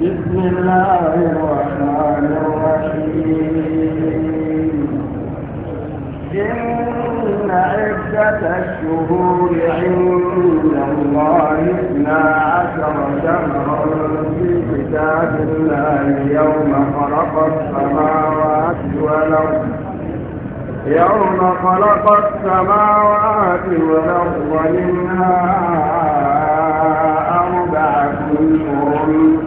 بسم الله الرحمن الرحيم إن عدة الشهور عند الله اثنا عشر شهرا في كتاب الله يوم خلق السماوات والأرض يوم خلق السماوات والأرض منها أربعة أشهر أمم.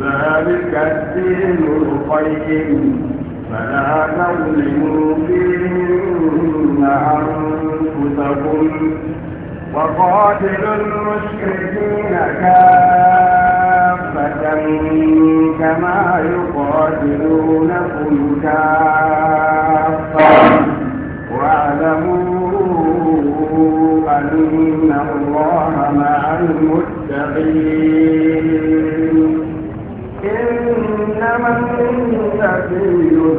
ذلك الدين القيم فلا تظلموا فيهن أنفسكم وقاتلوا المشركين كافرين كافة كما يقاتلونكم كافة واعلموا أن الله مع المتقين إنما النبي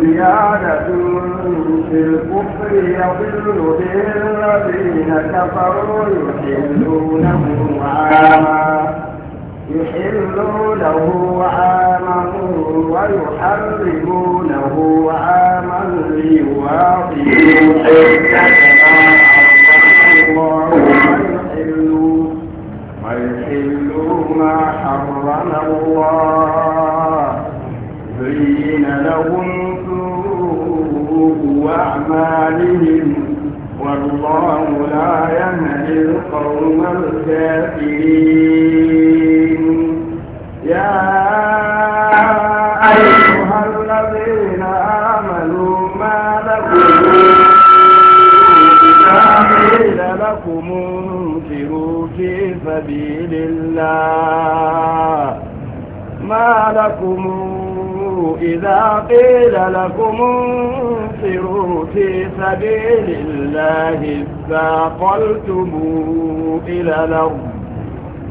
زيادة في الكفر يضل به الذين كفروا يحلونه عاما يحلونه عاما ويحرمونه عاما ليواطئوا الله ويحلوا ويحلوا ما حرم الله زين لهم سوء أعمالهم والله لا يهدي القوم الكافرين يا أيها الذين آمنوا ما لكم إذا قيل لكم انفروا في سبيل الله ما لكم إذا قيل لكم انفروا في سبيل الله اذا قلتم إلى الأرض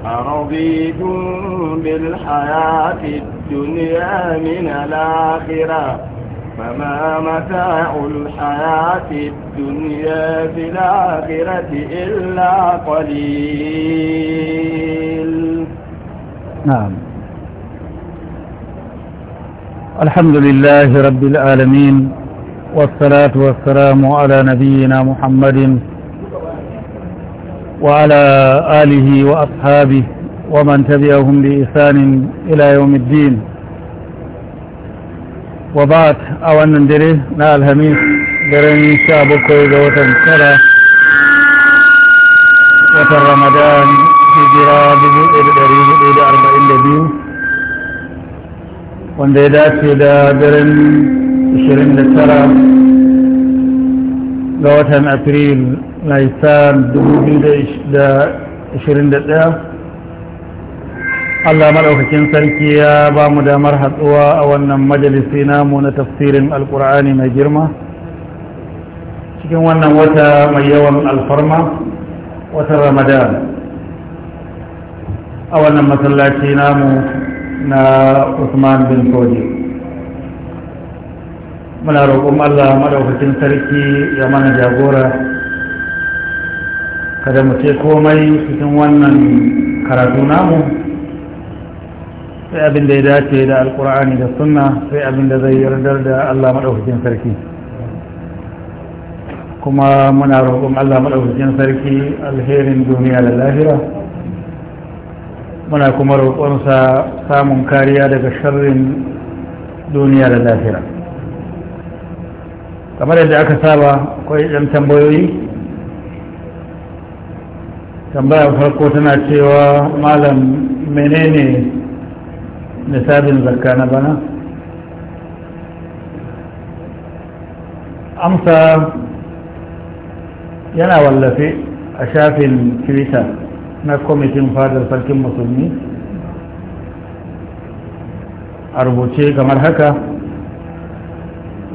أرضيتم بالحياة الدنيا من الآخرة فما متاع الحياة الدنيا في الآخرة إلا قليل نعم الحمد لله رب العالمين والصلاة والسلام على نبينا محمد وعلى آله وأصحابه ومن تبعهم بإحسان إلى يوم الدين وبعد أولا ندري نا الهميس دريني شعب كويدة وتنسرة وتر رمضان في جراب دريه إلى أربعين لبيو وندي داسي دا دريني شرين لسرة ga watan april na isan 2021 allah maɗaukakin sarki ya ba mu damar hatsuwa a wannan majalisi namu na tafsirin alkur'ani mai girma cikin wannan wata mai yawan alfarma watan ramadan a wannan masallaci namu na usman bin fodi muna roƙon Allah madaukakin sarki ya mana jagora kada mu ce komai cikin wannan karatu namu sai abin da ya dace da alkur'ani da sunna sai abin da zai yardar da Allah madaukakin sarki kuma muna roƙon Allah madaukakin sarki alherin duniya da lahira muna kuma roƙonsa samun kariya daga sharrin duniya da lahira kamar yadda aka saba akwai ɗan tambayoyi tambayar farko tana cewa malam menene nisabin zakka na bana amsa yana wallafe a shafin twitter na kwamitin fadar sarkin musulmi a rubuce kamar haka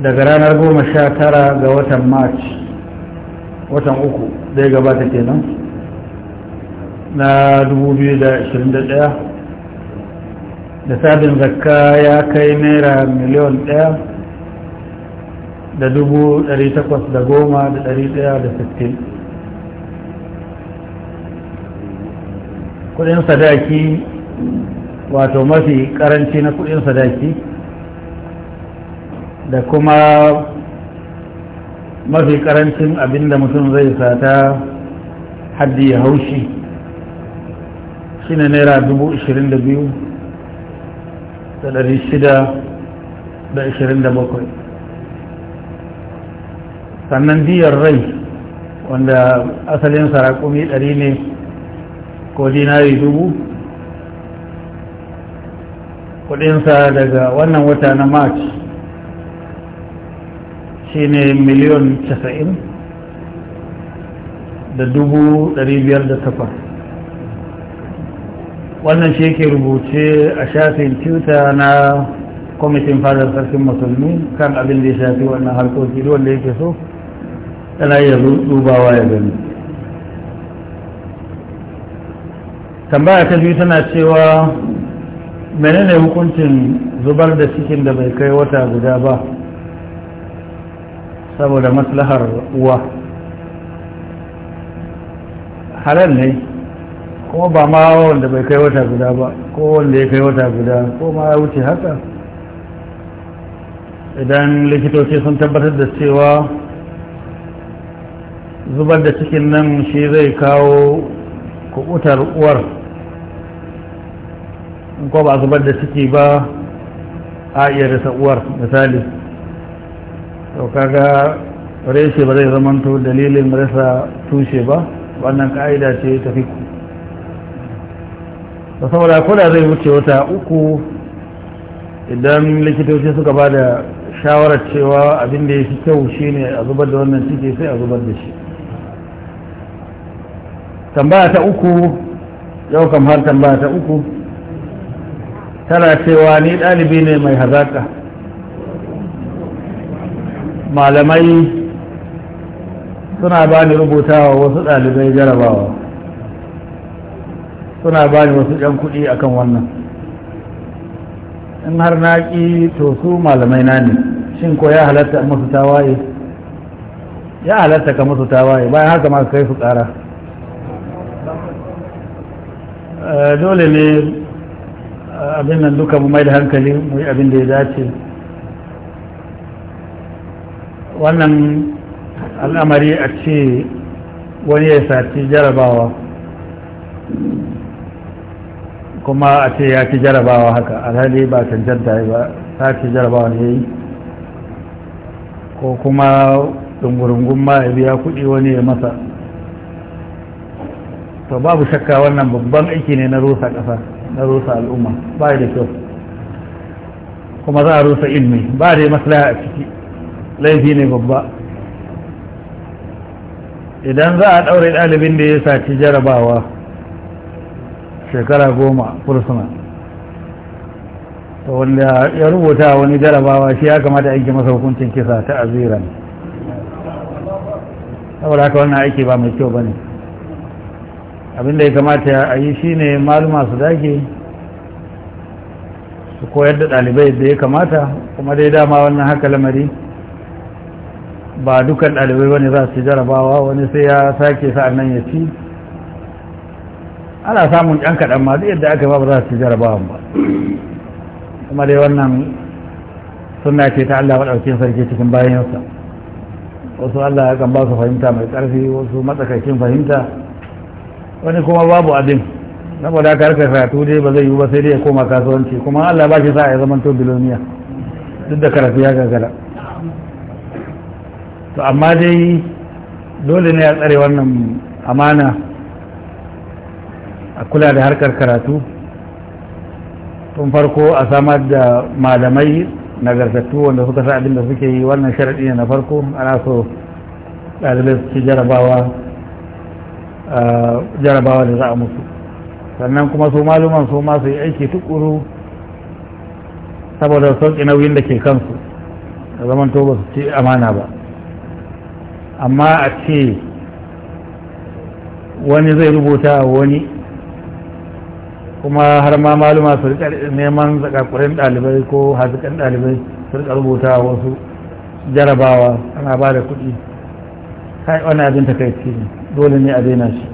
daga ranar goma sha tara ga watan march watan uku da ya gabata kenan na 2021 da sabin zakka ya kai naira miliyan ɗaya da dubu ɗari takwas da goma da ɗari ɗaya da sittin kudin sadaki wato mafi karanci na kudin sadaki da kuma mafi karancin abin da mutum zai sata haddi ya haushi shi ne naira biyu. da shida da ishirin da bakwai sannan diyar rai wanda asalin sarakumi ɗari ne ko dinari dubu kudinsa daga wannan wata na march Shi ne miliyon casain da dubu biyar da takwas wannan shi yake rubuce a shafin tuta na kwamitin fadar sarkin musulmi kan abin da ya shafi wannan harkoki wanda yake so yana iya dubawa ya gani tambaya ta biyu tana cewa menene hukuncin zubar da cikin da bai kai wata guda ba saboda maslahar uwa halal ne kuma ba ma wanda bai kai wata guda ba ko wanda ya kai wata guda ko ma ya wuce haka idan likitoci sun tabbatar da cewa zubar da cikin nan shi zai kawo kubutar uwar ko ba zubar da ciki ba a iya rasa uwar misali to kaga reshe ba zai zamanto dalilin rasa tushe ba wannan ka'ida ce ta ku. da saboda kula zai wuce wata uku idan likitoci suka ba da shawarar cewa abin da ya fi kyau shi ne a zubar da wannan ciki sai a zubar da shi tambaya ta uku yau kam har tambaya ta uku tana cewa ni ɗalibi ne mai hazaƙa malamai suna bani rubutawa wasu ɗalibai jarabawa suna bani ni wasu ɗan kuɗi akan wannan in har na ƙi to su malamai na ne shin ko ya halatta a musu tawaye ya halatta ka musu tawaye bayan haka ma kai su ƙara eh, dole ne abin nan duka mu mai da hankali mu yi abin da ya dace wannan al'amari a ce wani ya saci jarabawa kuma a ce ya ci jarabawa haka alhali ba ta yi ba ta ci jarabawa ne yi ko kuma dungurungun ma ya biya kuɗi wani ya masa to babu shakka wannan babban aiki ne na rusa ƙasa na rusa al'umma ba da kyau kuma za a rusa ilmi ba da maslaha a ciki laifi ne babba idan za a ɗaure ɗalibin da ya saci jarabawa shekara goma fursuna wanda ya rubuta wani jarabawa shi ya kamata aiki masa hukuncin kisa ta aziran saboda haka wannan aiki ba mai kyau ba ne abinda ya kamata a yi shi ne maluma su dake su koyar da ɗalibai da ya kamata kuma dai dama wannan haka lamari ba dukan ɗalibai wani za su jarabawa wani sai ya sake nan ya ci ana samun ɗan kaɗan ma duk yadda aka ba ba za su jarabawa ba kuma dai wannan suna ce ta Allah maɗaukin sarki cikin bayansa wasu Allah ya kan ba su fahimta mai ƙarfi wasu matsakaicin fahimta wani kuma babu abin saboda haka harkar karatu dai ba zai yiwu ba sai dai ya koma kasuwanci kuma Allah ba shi sa ya zama to biloniya duk da karatu ya gagara to amma dai dole ne a tsare wannan amana a kula da harkar karatu tun farko a samar da malamai nagartattu wanda suka sa abin da suke yi wannan sharaɗi ne na farko ana so ɗalibai su ci jarabawa jarabawa da za a musu sannan kuma su maluman su masu yi aiki tukuru saboda sauƙi nauyin da ke kansu da zaman to ba su ci amana ba amma a ce wani zai rubuta wani kuma har ma maluma su rika neman zakakurin ɗalibai ko hazikan ɗalibai su rika rubuta wasu jarabawa ana ba da kuɗi kai wani abin takaici ne dole ne a daina shi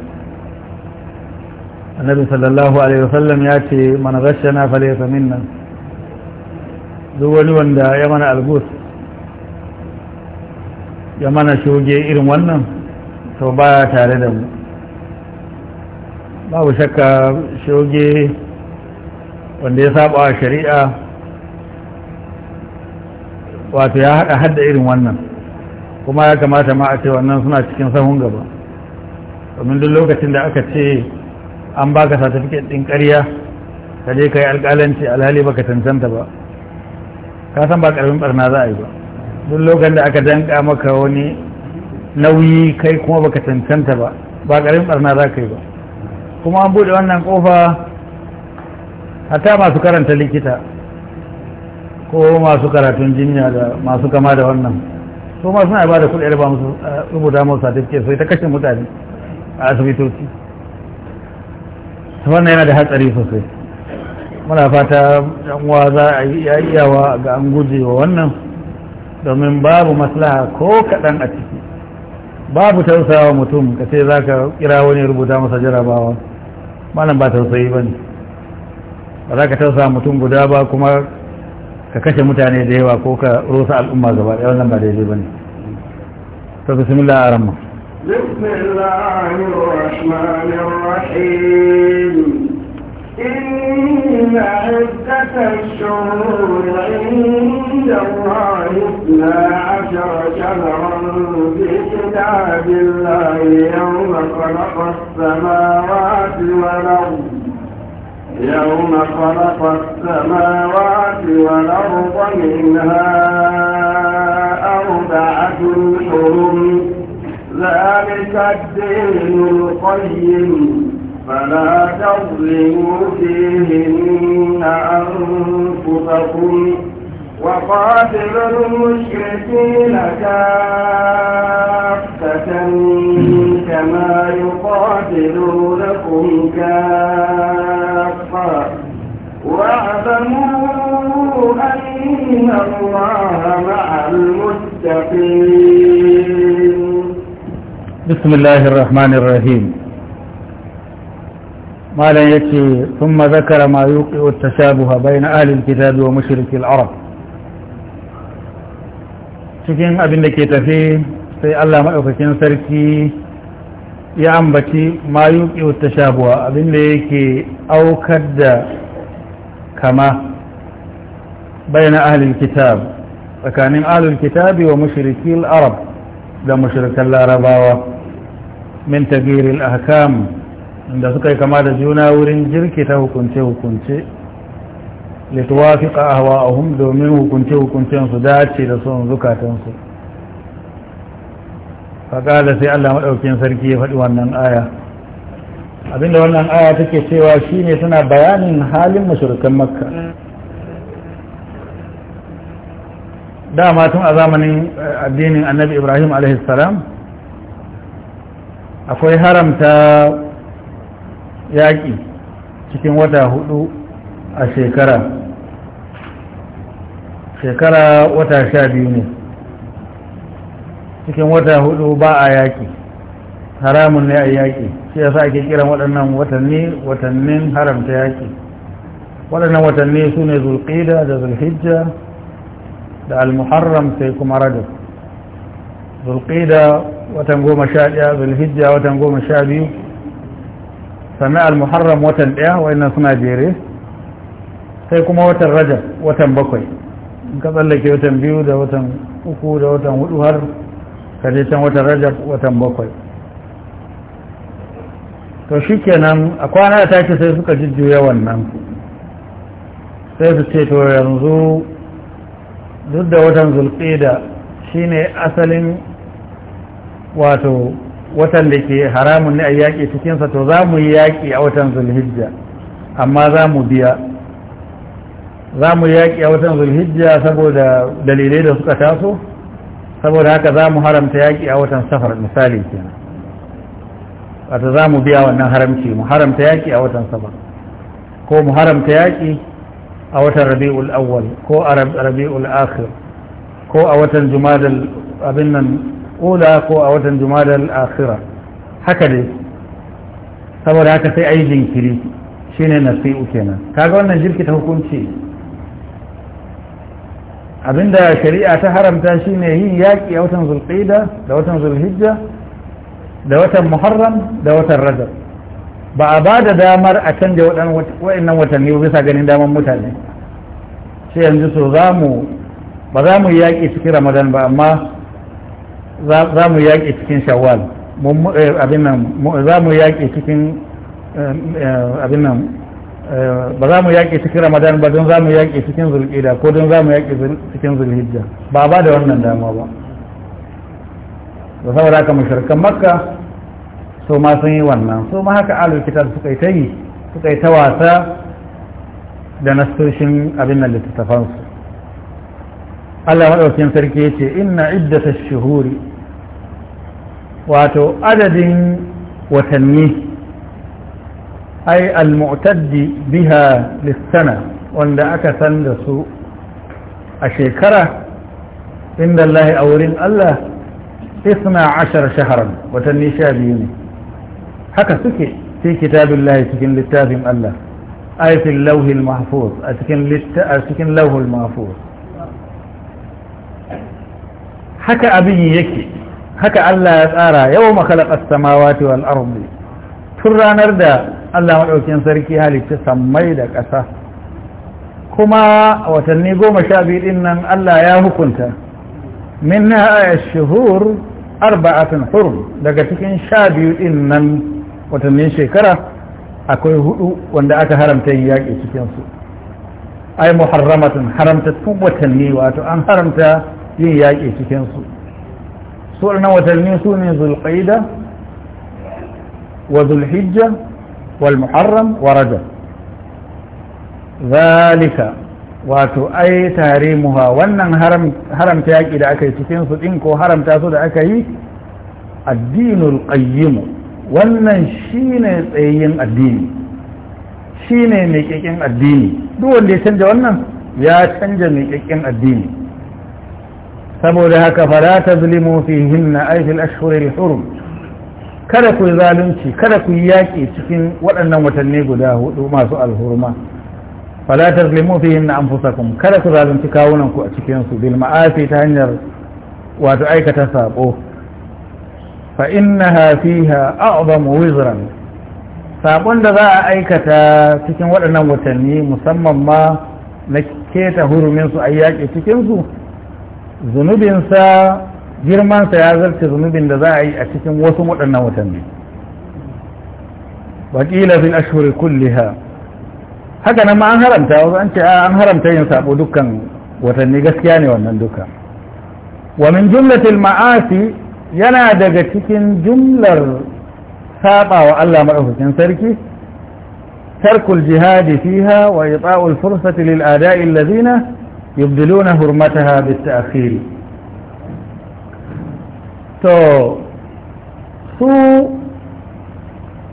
annabi sallallahu alaihi wasallam ya ce mana rashana falaysa minna duk wani wanda ya mana albus ya mana shoge irin wannan to baya tare da mu babu shakka shoge wanda ya saba a shari'a wato ya haɗa hadda irin wannan kuma ya kamata ma a ce wannan suna cikin sahun gaba domin duk lokacin da aka ce an baka satifiket ɗin ƙarya ka je ka yi alƙalanci alhali baka cancanta ba ka san ba ƙarfin ɓarna za a yi ba duk lokacin da aka danka maka wani nauyi kai kuma baka cancanta ba ba ƙarin barna za ka yi ba kuma an bude wannan kofa hata masu karanta likita ko masu karatun jinya da masu kama da wannan su ma suna ba da kudi ba musu rubuta musu a tafiye sai ta kashe mutane a asibitoci Su wannan yana da hatsari sosai muna fata yan uwa za a yi iyawa ga an guje wa wannan domin babu maslaha ko kaɗan a ciki babu tausawa mutum ka ce za ka kira wani rubuta masa jarabawa malam ba tausayi ba ne ba za ka tausa mutum guda ba kuma ka kashe mutane da yawa ko ka rusa al'umma gaba ɗaya wannan ba daidai ba ne to bismillah a اثنا عشر شهرا في كتاب الله يوم خلق السماوات والأرض يوم خلق السماوات والأرض منها أربعة حرم ذلك الدين القيم فلا تظلموا فيهن أنفسكم وقاتل المشركين كافة كما يقاتلونكم كافة واعلموا أن الله مع المتقين بسم الله الرحمن الرحيم ما لا يكفي ثم ذكر ما يوقع التشابه بين أهل الكتاب ومشرك العرب cikin abin da ke tafe sai Allah maɗaukakin sarki ya ambaci mayu ta shabuwa abin da yake aukar da kama Bayanin ahalin kitab tsakanin ahalin kitabi wa mashirikil arab da mashirikan larabawa min tagiril ahkam da suka yi kama da juna wurin jirki ta hukunce-hukunce lituwafiqa ahwa'ahum domin hukunce hukuncen su dace da son zukatansu faƙala sai Allah maɗaukin sarki ya faɗi wannan aya abinda wannan aya take cewa shine suna bayanin halin mashirkan makka dama tun a zamanin addinin annabi ibrahim salam akwai haramta yaƙi cikin wata hudu a shekara shekara wata sha biyu ne cikin wata hudu ba a yaƙi haramun ne a yaƙi shi yasa ake kiran waɗannan watanni watannin haramta yaƙi waɗannan watanni su ne zulƙida da zulhijja da almuharram sai kuma rajab zulƙida watan goma sha ɗaya zulhijja watan goma sha biyu sannan almuharram watan ɗaya wa'annan suna jere sai kuma watan rajab watan bakwai in ka tsallake watan biyu da watan uku da watan hudu har ka je can watan rajab watan bakwai to shi kenan a kwana da ce sai suka jujjuya wannan sai su ce to yanzu duk da watan da shi ne asalin wato watan da ke haramun ne a yaƙi cikinsa to za mu yi yaƙi a watan zulhijja amma za mu biya za mu yaƙi a watan zulhijja saboda dalilai da suka taso saboda haka za mu haramta yaƙi a watan safar misali kenan wata za mu biya wannan haramci mu haramta yaƙi a watan safar ko mu haramta yaƙi a watan rabi'ul awwal ko a rabi'ul akhir ko a watan jumadal abin nan ula ko a watan jumadal akhira haka dai saboda haka sai ayi jinkiri shine nasi'u kenan kaga wannan jirki ta hukunci abinda shari'a ta haramta shine yin yaƙi a watan zulqida da watan zulhijja da watan muharram da watan rajab ba a ba da damar a canja waɗannan watanni bisa ganin daman mutane sai yanzu so za mu ba za mu yaƙi cikin ramadan ba amma za mu yaƙi cikin shawwal eh, abin nan za mu yaƙi cikin eh, eh, abin nan Eh, ba za mu yaƙi cikin ramadan ba don za mu yaƙi cikin zulƙida ko don za mu yaƙi cikin zulhijja ba ba da wannan dama ba da saboda haka mashirkan makka so ma sun yi wannan so ma haka alu kitab suka yi ta yi suka yi ta wasa da nasoshin abin nan littattafansu Allah maɗaukin sarki ya ce inna iddata shuhuri wato adadin watanni أي المعتد بها للسنة وأن أكثن دسو أشيكرة عند الله أورين الله اثنى عشر شهرا وتنشى بيوني haka suke fi kitabillahi cikin littafin Allah ay fil lawhil mahfuz a cikin a cikin lawhul mahfuz haka abin yake haka Allah ya tsara yau makalaqas samawati wal tun ranar da Allah maɗaukin sarki halitta sammai da ƙasa kuma watanni goma sha biyu ɗin nan Allah ya hukunta min na shuhur arba'atin hurum daga cikin sha biyu ɗin nan watannin shekara akwai hudu wanda aka haramta yin yaƙi cikinsu ai muharramatin haramta tun watanni wato an haramta yin yaƙi cikinsu su watanni su ne zulƙaida wa zulhijja والمحرم ورجب ذلك wato ai tarimuha wannan haramta yaƙi da aka yi cikinsu ɗin ko haramta su da aka yi addinul ƙayyimu wannan shine tsayayyen addini shine mai addini duk wanda ya canja wannan ya canja mai ƙiƙin addini saboda haka ta tazlimu fihinna ay fil ashhuril hurum kada ku yi zalunci kada ku yi yaƙi cikin waɗannan watanni guda hudu masu alhurma fala tazlimu fihin na anfusakum kada ku zalunci kawunan ku a cikin su bil ma'afi ta hanyar wato aikata sabo fa innaha fiha a'zam wizran sabon da za a aikata cikin waɗannan watanni musamman ma na keta hurumin su ayyake yaƙi cikin su zunubinsa girmansa ya zarce zunubin da za a yi a cikin wasu waɗannan watanni wakila fil ashhuri kulliha haka nan ma an haramta wasu an ce an haramta yin sabo dukkan watanni gaskiya ne wannan duka wa min jumlatil ma'asi yana daga cikin jumlar saba wa Allah madaukakin sarki tarkul jihadi fiha wa ita'ul fursati lil ada'i alladhina yubdiluna hurmataha bit ta'khir to su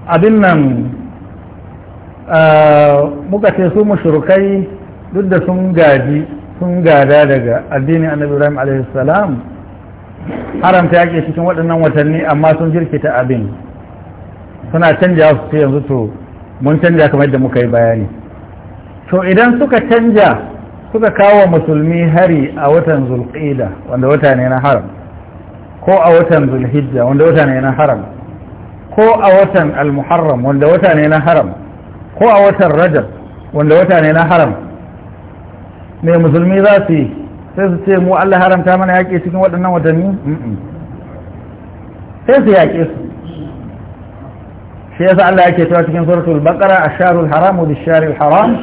abin nan muka ce su mashirukai duk da sun gaji sun gada daga addinin annabi ibrahim alaihissalam haramta yake cikin waɗannan watanni amma sun jirkita abin suna canja su ce yanzu to mun canja kamar yadda muka yi bayani to idan suka canja suka kawo musulmi hari a watan zulƙida wanda wata ne na haram ko a watan zulhijja wanda wata ne na haram ko a watan almuharram wanda wata ne na haram ko a watan rajab wanda wata ne na haram me musulmi za su yi sai su ce mu Allah haramta mana yaƙi cikin waɗannan watanni sai su yaƙe su شيء يسأل الله يكي تواجه من سورة البقرة الشهر الحرام بالشهر الحرام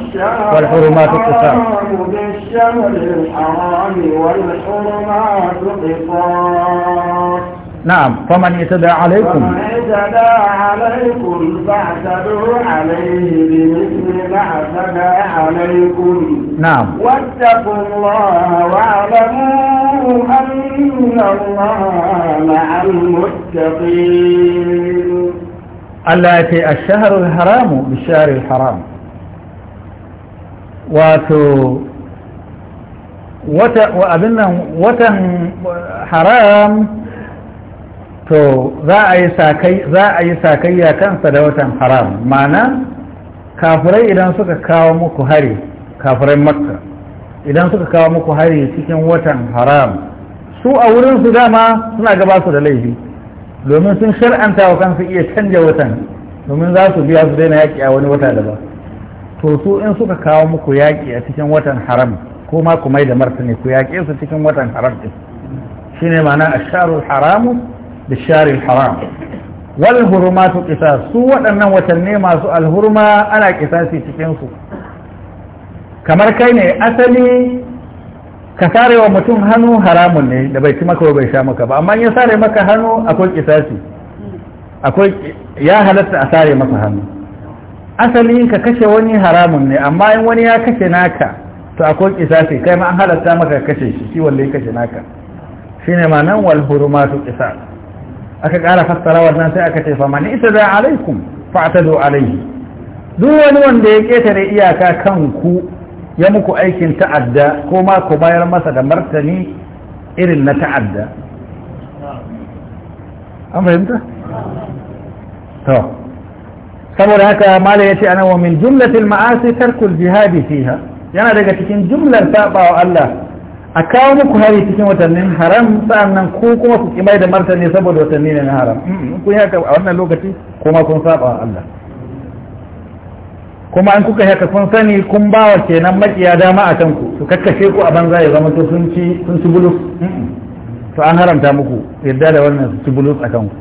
والحرمات الشهر الحرام الحرام والحرمات القصار نعم فمن يتدى عليكم فمن يتدى عليكم فاعتدوا عليه بمثل ما اعتدى عليكم نعم واتقوا الله واعلموا ان الله مع المتقين Allah ya ce a shaharul haramu bisharil haram wato abin nan watan haram to za a yi sakayya kansa da watan haram mana kafirai idan suka kawo muku hari kafirai makka idan suka kawo muku hari cikin watan haram su a wurin su dama suna gaba su da laifi domin sun shar'anta wa kansu iya canja watan domin za su biya su daina yaƙi a wani wata ba to su in suka kawo muku yaƙi a cikin watan haram ko ma ku mai da martani ku yaƙe su cikin watan haram din shine ma'ana asharul haramu da sharil haram wal hurumatu qisas su waɗannan watanni masu alhurma ana qisasi cikin su kamar kai ne asali ka sare wa mutum hannu haramun ne da bai ci maka bai sha maka ba amma in ya sare maka hannu akwai kisasi akwai ya halatta a sare maka hannu asali ka kashe wani haramun ne amma in wani ya kashe naka to akwai kisasi kai ma an halatta maka kashe shi shi wanda ya kashe naka shine ma nan wal hurumatu qisas aka kara fassara wannan sai aka ce fa man itada alaikum fa'tadu alaihi duk wani wanda ya ketare iyaka kan ku ya muku aikin ta'adda ko ma ku bayar masa da martani irin na ta'adda an fahimta? to saboda haka mala ya ce ana wa min jumlatil ma'asi tarkul jihadi fiha yana daga cikin jumlar sabawa Allah a kawo muku hari cikin watannin haram sa'annan ko kuma ku kimai da martani saboda watanni ne na haram kun yi haka a wannan lokaci kuma kun saba wa Allah kuma an kuka haka sun sani kun ba wa kenan makiya dama a kanku su kakkashe ku a banza ya zama sun ci sun ci bulus to an haramta muku yadda da wannan su ci bulus a kanku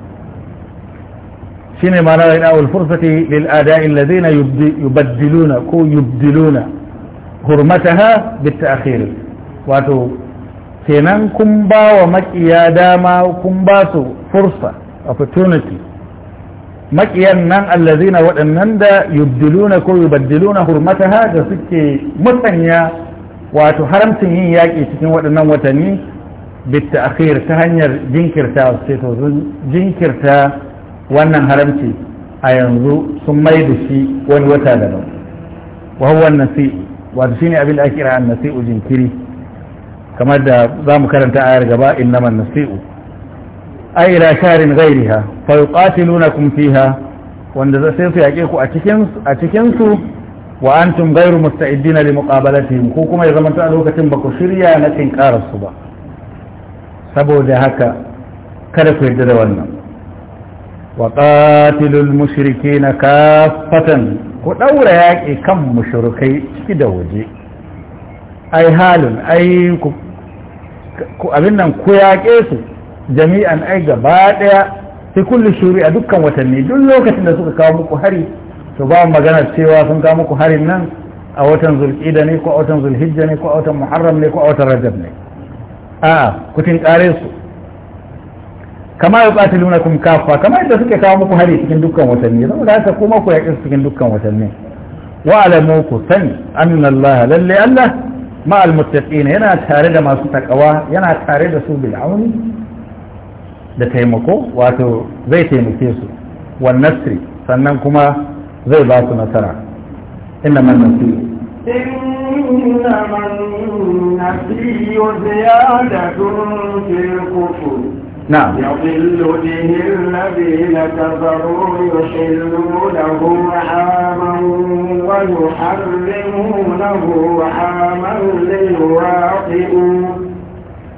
shine ma ina wal fursati lil ada'i alladhina yubaddiluna ko yubdiluna hurmataha bit ta'khir wato kenan kun ba wa makiya dama kun ba su fursa opportunity makiyan nan allazina waɗannan da yubdiluna ko yubaddiluna hurmataha da suke musanya wato haramcin yin yaƙi cikin waɗannan watanni bitta akhir ta hanyar jinkirta sai to jinkirta wannan haramci a yanzu sun mai da shi wani wata daban wa huwa nasi wato shine abin da ake kira an nasi'u jinkiri kamar da zamu karanta ayar gaba innaman nasi'u ay ila sharin ghayriha fa yuqatilunakum fiha wanda sai su yake ku a cikin a cikin su wa antum ghayru li muqabalatihim ko kuma ya zamanta a lokacin ba ku shirya na tinkarar su ba saboda haka kada ku yarda da wannan wa qatilul mushrikeena kaffatan ku daura yaki kan mushrikai ciki da waje ai halin ai ku abin nan ku yaƙe su jami'an ai gaba daya fi kulli shuri a dukkan watanni duk lokacin da suka kawo muku hari to ba magana cewa sun kawo muku harin nan a watan zulqida ne ko a watan zulhijja ne ko a watan muharram ne ko a watan rajab ne a kutin kare su kama ya ɓata luna kuma kafa kama yadda suke kawo muku hari cikin dukkan watanni zama da haka kuma ku yaƙi cikin dukkan watanni wa alamu ku sani annan Allah lalle Allah ma almuttaqina yana tare da masu takawa yana tare da su bil auni da taimako wato zai taimake su wannasri sannan kuma zai ba su nasara inna man nasiru inna man nasiru ziyadatun fil kufur نعم يضل به الذين كفروا يحلونه عاما ويحرمونه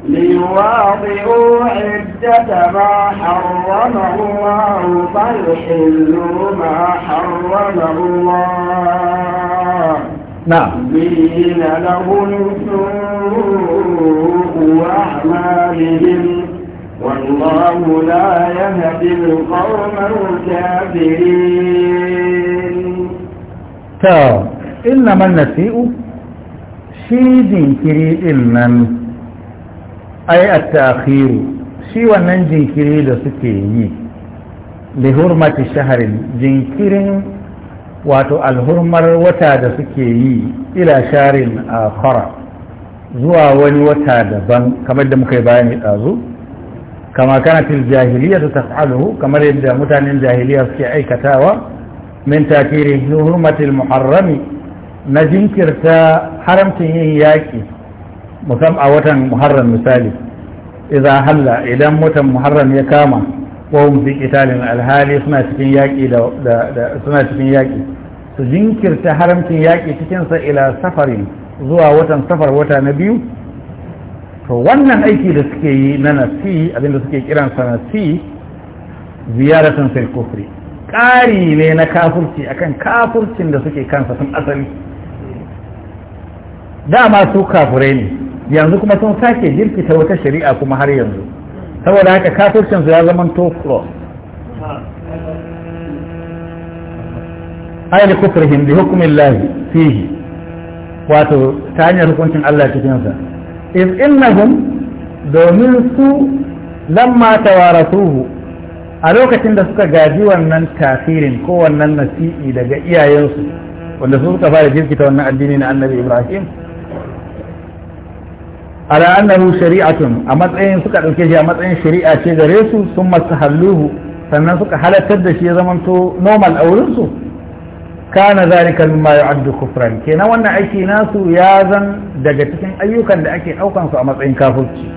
ليواطئوا عدة ما حرم الله فيحلوا ما حرم الله نعم زين لهم سوء أعمالهم والله لا يهدي القوم الكافرين تا طيب. إنما النسيء شيء ذكري إنن ai a takhiru shi wannan jinkiri da suke yi da hurmati shaharin jinkirin wato alhurmar wata da suke yi ila sharin akhara zuwa wani wata daban kamar da muka yi bayani ɗazu kama kana fil jahiliya ta taf'aluhu kamar yadda mutanen jahiliya suke aikatawa min takiri hurmatil muharrami na jinkirta haramcin yin yaƙi musam a watan muharram misali idza halla idan watan muharram ya kama wa hum fi qitalin alhali suna cikin yaki da suna cikin yaki su jinkirta haramcin yaki cikin sa ila safarin zuwa watan safar wata na biyu to wannan aiki da suke yi na nasi abinda suke kiransa nasi ziyaratan fil kufri ƙari ne na kafurci akan kafurcin da suke kansa sun asali dama su kafurai ne yanzu kuma sun sake jirkita wata shari'a kuma har yanzu saboda haka kafircin ya zama to cross ayar kufar bi hukumin lahi fihi wato ta hanyar hukuncin Allah cikinsa iz innahum domin su lamma tawarasuhu a lokacin da suka gaji wannan tasirin ko wannan nasi'i daga iyayensu wanda su suka fara jirkita wannan addini na annabi Ibrahim ala annahu shari'atun a matsayin suka dauke shi a matsayin shari'a ce gare su sun halluhu sannan suka halattar da shi ya zamanto normal a wurin su kana zalika mimma yu'addu kufran kenan wannan aiki nasu ya zan daga cikin ayyukan da ake daukan su a matsayin kafirci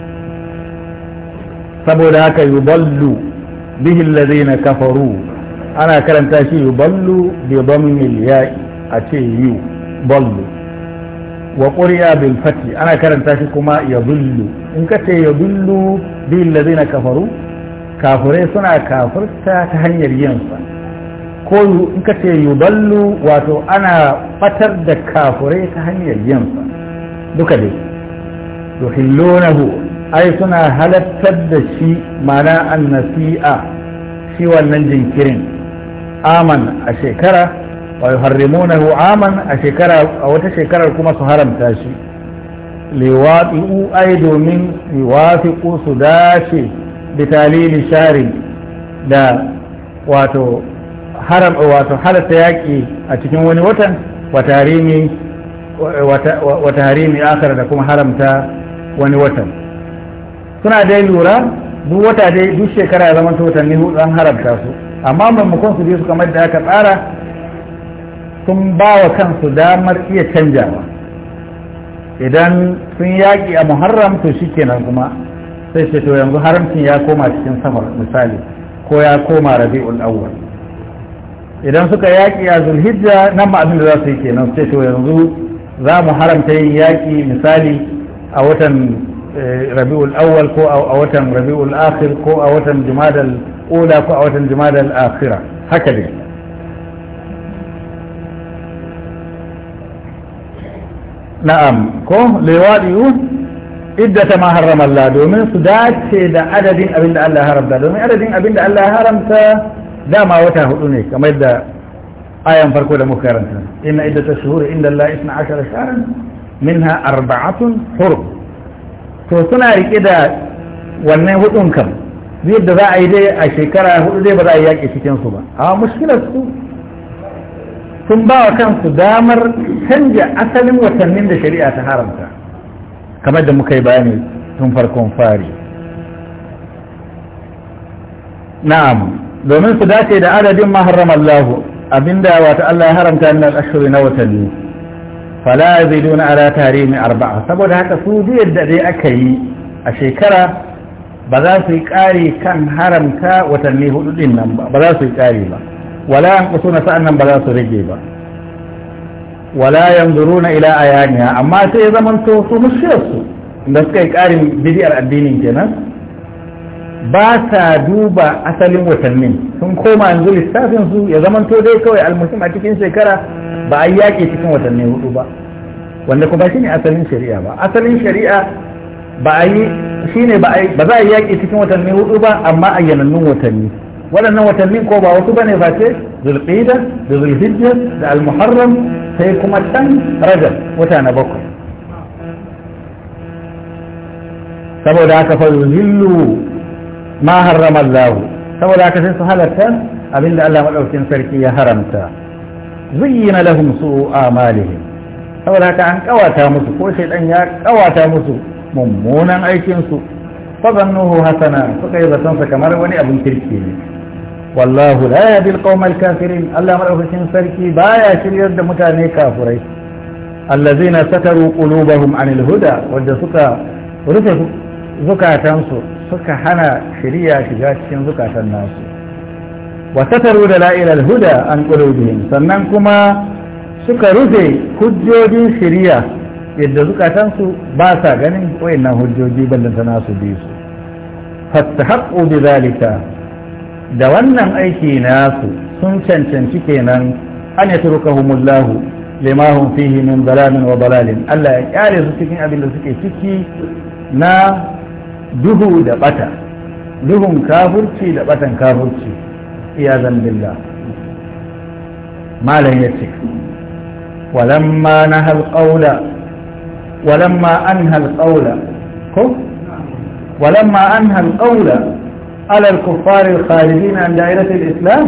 saboda haka yuballu bihi alladhina kafaru ana karanta shi yuballu bi dhammi al-ya'i a ce yu ballu wa quriya bil fati ana karanta shi kuma yadullu in ka ce yadullu bil ladina kafaru kafirai suna kafirta ta hanyar yin sa ko in ka ce yudallu wato ana fatar da kafirai ta hanyar yin sa duka dai yuhillunahu ai suna halattar da shi mana annasi'a shi wannan jinkirin aman a shekara wa yuharrimunahu aman a shekara a wata shekarar kuma su haramta shi liwafi'u ai domin liwafiqu su dace bi talili shari da wato haram wato halatta yaƙi a cikin wani watan wa tarimi wa tarimi da kuma haramta wani watan suna dai lura duk wata dai duk shekara ya zama hudu an haramta su amma maimakon su je su kamar da aka tsara sun ba wa kansu damar iya canjawa idan sun yaƙi a muharram to shi kenan kuma sai ce to yanzu haramcin ya koma cikin samar misali ko ya koma rabi'ul awwal idan suka yaƙi a zulhijja nan ma abin za su yi kenan sai to yanzu za mu haramta yin yaƙi misali a watan eh, rabi'ul awwal ko a watan rabi'ul akhir ko a watan jumadal ula ko a watan jumadal akhira haka dai na'am ko liwaɗiyu idda ta ma harrama Allah domin su dace da adadin abin da Allah haramta domin adadin abin da Allah haramta dama wata hudu ne kamar da ayan farko da muka karanta inna idda shuhuri inda Allah isna ashara sharan minha arba'atun hurum to suna rike da wannan hudun kam yadda za a yi dai a shekara hudu dai ba za a yi yaƙi cikin su ba amma mushkilar su sun ba wa kansu damar canja asalin watannin da shari'a ta haramta kamar da muka yi bayani tun farkon fari na'am domin su dace da adadin maharram Allah abinda wata Allah ya haramta min al na watanni fala yaziduna ala tarimi arba'a saboda haka su biyar da dai aka yi a shekara ba za su yi kari kan haramta watanni hudu din nan ba ba za su yi kari ba wala yanqusuna sa'annan ba za su rage ba wala yanzuruna ila ayaniha amma sai ya zamanto su mushiyarsu da suka yi karin bidiyar addinin kenan ba sa duba asalin watannin sun koma yanzu lissafin ya zamanto dai kawai almuhim a cikin shekara ba a yaƙi cikin watanni hudu ba wanda kuma shi ne asalin shari'a ba asalin shari'a ba a yi shi ne ba za a yaƙi cikin watanni hudu ba amma yanannun watanni waɗannan watannin ko ba wasu bane face zulqida da zulhijja da almuharram sai kuma can rajab wata na bakwai saboda haka fa yuzillu ma harrama Allah saboda haka sai su halatta abinda Allah madaukin sarki ya haramta zuyyina lahum su'u amalihim saboda haka an kawata musu ko shaydan ya kawata musu mummunan aikin su fa zannuhu hasana suka yi zaton sa kamar wani abin kirki ne wallahu la yahdi al kafirin Allah madaukakin sarki baya shiryar da mutane kafurai allazina sataru qulubahum anil huda wanda suka rufe zukatansu suka hana shiriya shiga cikin zukatan nasu wa sataru dalail al huda an qulubihim sannan kuma suka rufe hujjojin shiriya yadda zukatansu ba sa ganin wayannan hujjoji ballanta nasu bi su fastahaqqu bi zalika da wannan aiki nasu sun cancanci kenan an yatrukahumullahu lima Limahun fihi min dalalin wa dalalin Allah ya kyale su cikin abin da suke ciki na duhu da bata duhun kafurci da batan kafurci iya billah malam yace walamma nahal qawla walamma anhal qawla ko walamma anhal qawla Alal على الكفار الخارجين عن دائرة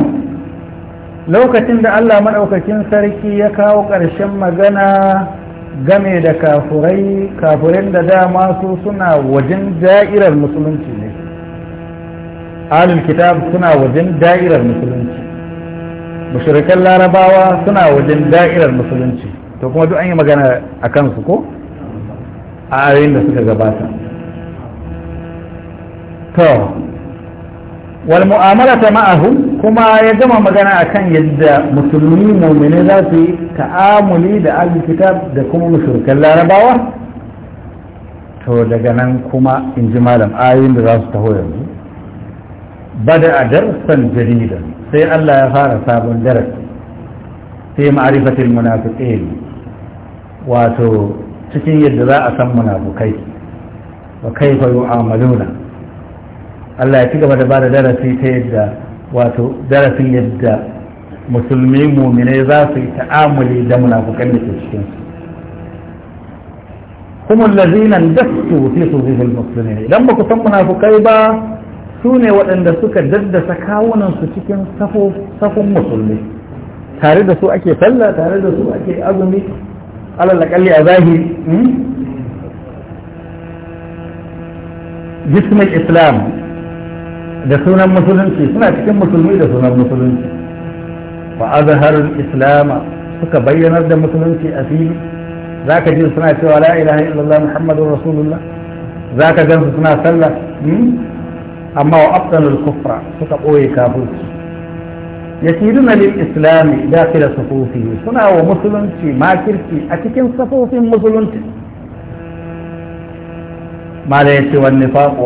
Lokacin da Allah الله sarki ya kawo ƙarshen مغانا game da kafurai kafurin da dama su suna wajen da'irar musulunci ne alul kitab suna wajen da'irar musulunci mushrikan larabawa suna wajen da'irar musulunci to kuma duk an yi magana a kansu ko a ayoyin da suka gabata to wal ta ma'ahum kuma ya gama magana kan yadda musulmi mu'mini za su yi ta'amuli da ahlul kitab da kuma mushrikan larabawa to daga nan kuma in ji malam ayoyin da za su taho yanzu bada a darsan jaridan sai Allah ya fara sabon darasi sai ma'arifatil munafiqin wato cikin yadda za a san munafukai wa kaifa yu'amaluna Allah ya ci gaba da ba da darasi ta yadda wato darasin yadda musulmi muminai za su yi ta'amuli da munafukan da ke cikin kuma lazina dastu fi sufufin musulmi idan ba ku san munafukai ba su ne waɗanda suka daddasa kawunansu cikin safun musulmi tare da su ake sallah tare da su ake azumi alal akalli a zahiri hmm? jismin islam da sunan musulunci suna cikin musulmi da sunan musulunci fa azharul islama suka bayyanar da musulunci a fili zaka ji suna cewa la ilaha illallah muhammadur rasulullah zaka gansu suna sallah hmm? amma wa afdalul kufra suka boye kafirci islamai lil islami dakhila sufufihi suna wa musulunci makirci a cikin safofin musulunci ما ليس والنفاق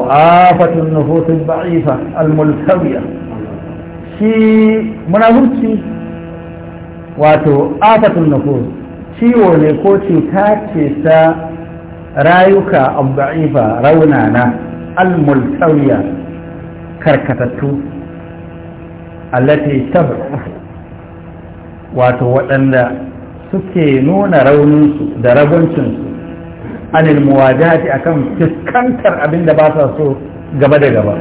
آفة النفوس الضعيفة الملتوية شيء منافسي wato afatun nufus ciwo ne ko cuta ce ta rayuka abba'ifa raunana almultawiya karkatattu allati tab'u wato waɗanda suke nuna rauninsu da raguncinsu anil muwajahati akan fuskantar abin da ba sa so gaba da gaba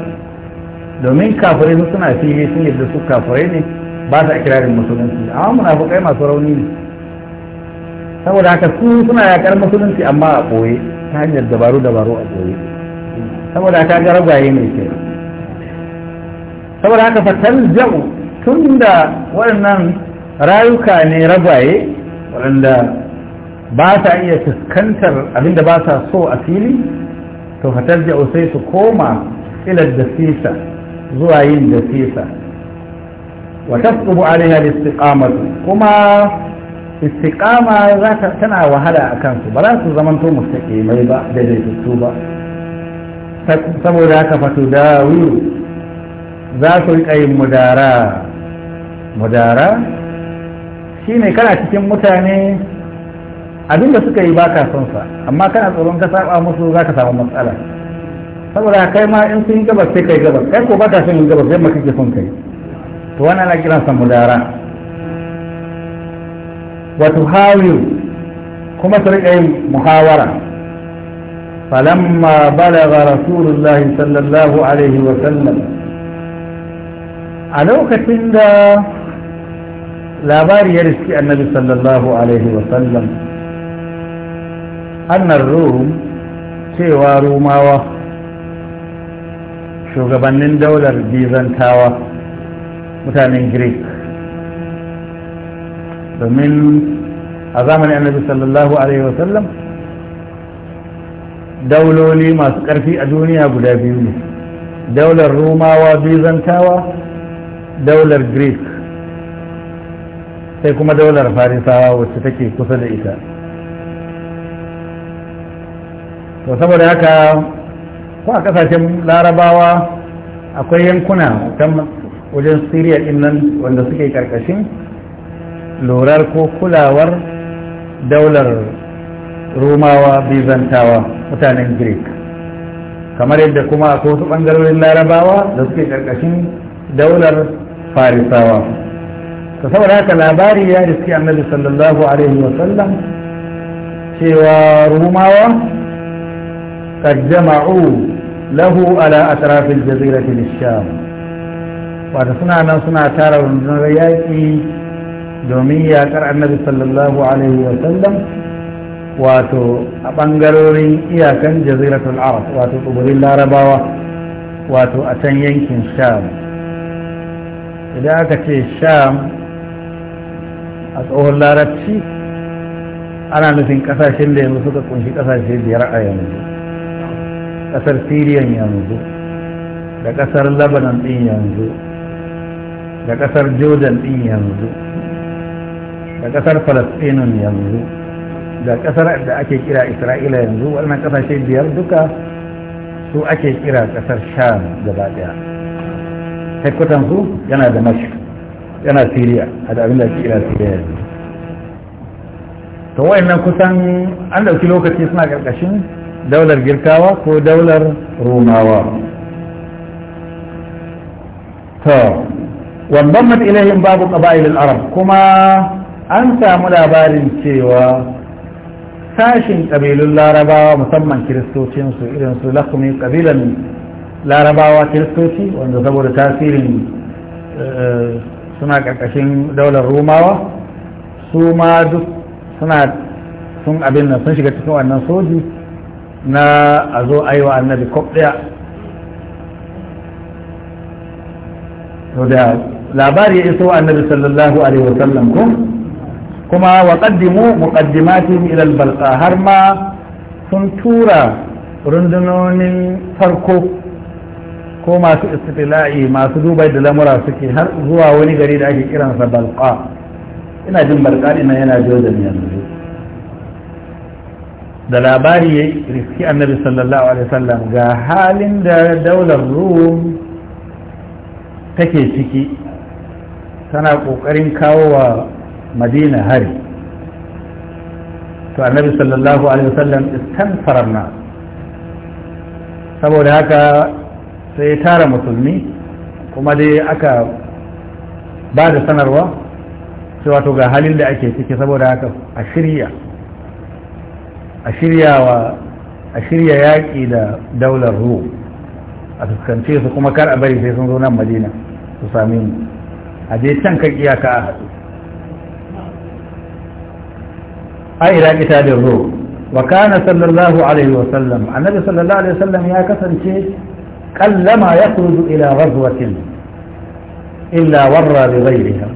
domin kafirai su suna fili sun yadda su kafirai ne ba sa kirarin musulunci amma munafukai masu rauni ne saboda haka su suna yakar musulunci amma a ɓoye ta hanyar dabaru dabaru a ɓoye saboda haka ga ragaye mai ke saboda haka fatan jau tun da waɗannan rayuka ne ragwaye waɗanda ba sa iya fuskantar abinda ba sa so a fili to fatar sai su koma ilar da sisa zuwa yin da sisa wa tasqubu alaiha istiqamatu kuma istiqama za ta tana wahala a kansu ba za su zamanto mustaqimai ba daidaitattu ba saboda haka fatu da za su riƙa yin mudara mudara shine kana cikin mutane abin da suka yi ba ka son sa amma kana tsoron ka saba musu za ka samu matsala saboda kai ma in sun gabas sai kai gabas kai ko ba ka son yin gabas sai ma kake son kai to wannan ana kiran sa mudara wa tuhawiru kuma su rika yin muhawara falamma balagha rasulullah sallallahu alaihi wa sallam a lokacin da labari ya riski annabi sallallahu alaihi wa sallam annar rum cewa rumawa shugabannin daular bizantawa mutanen greek domin a zamanin annabi sallallahu alaihi wasallam dauloli masu ƙarfi a duniya guda biyu ne daular rumawa bizantawa daular greek sai kuma daular farisawa wacce take kusa da ita to saboda haka ko a kasashen larabawa akwai yankuna ta wajen siriya din nan wanda suke karkashin lorar ko kulawar daular romawa bizantawa mutanen greek kamar yadda kuma akwai wasu bangarorin larabawa da suke karkashin daular farisawa ta saboda haka labari ya riski annabi sallallahu alaihi wasallam cewa rumawa قد جمعوا له على أطراف الجزيرة للشام وأتصنع نفسنا أتارا من رياكي دومي أتار النبي صلى الله عليه وسلم واتو أبنغروري إيا كان جزيرة العرب واتو أبري العرب واتو أتن ينكي الشام إذا أتك الشام أتوه الله ربشي أنا نسين كثاشين لين وسوكا كونشي كثاشين لين رأيين kasar siriyan yanzu da kasar lebanon din yanzu da kasar jordan din yanzu da kasar palestinun yanzu da kasar da ake kira isra'ila yanzu waɗannan kasashe biyar duka su ake kira kasar sham gaba daya haikutansu yana da mashi yana siriya a da abin da ake kira siriya yanzu to wayannan kusan an ɗauki lokaci suna ƙarƙashin daular girkawa ko daular romawa to wadammat ilayhim babu ƙaba'ilin arab kuma an samu labarin cewa sashin kabilun larabawa musamman kiristocinsu su irin su lakumi kabilan larabawa kiristoci wanda saboda tasirin eh, suna karkashin daular romawa su ma duk suna sun abin nan sun shiga cikin wannan soji na a zo a yi wa annabi kop ɗaya to da labari ya iso annabi sallallahu alaihi wasallam ko kuma wa qaddimu muqaddimatihim ila al-balqa har ma sun tura rundunonin farko ko masu istila'i masu dubai da lamura suke har zuwa wani gari da ake kiransa balqa ina jin balqa ina yana jodan yanzu da labari ya riski annabi sallallahu alaihi wasallam ga halin da daular rum take ciki tana ƙoƙarin kawo wa madina hari to annabi sallallahu alaihi wasallam istan fararna. saboda haka sai ya tara musulmi kuma dai aka ba da sanarwa cewa to ga halin da ake ciki saboda haka a shirya a shirya yaƙi da daular ruwa a fuskance su kuma kar a bari sai sun zo nan madina su sami mu a je can kan iyaka a haɗu a iraki ta da ruwa wa kana sallallahu alaihi wa sallam annabi sallallahu alaihi wa sallam ya kasance kallama ya kuzu ila ghazwatin illa warra bi ghayriha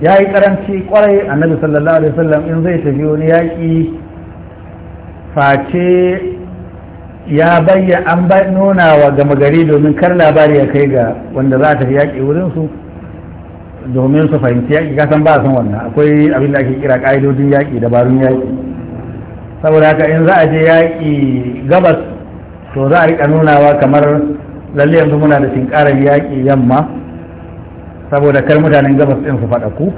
ya yi karanci kwarai annabi sallallahu alaihi wa sallam in zai tafi wani yaƙi face ya bayya an nuna wa gama gari domin kar labari ya kai ga wanda za ta yaƙi wurinsu domin su fahimci yaƙi kasan ba san wannan akwai abin da ake kira ƙa'idodin yaƙi dabarun yaƙi saboda haka in za a je yaƙi gabas to za a riƙa nunawa kamar lalle yanzu muna da tinkarar yaƙi yamma saboda kar mutanen gabas ɗin su faɗa ku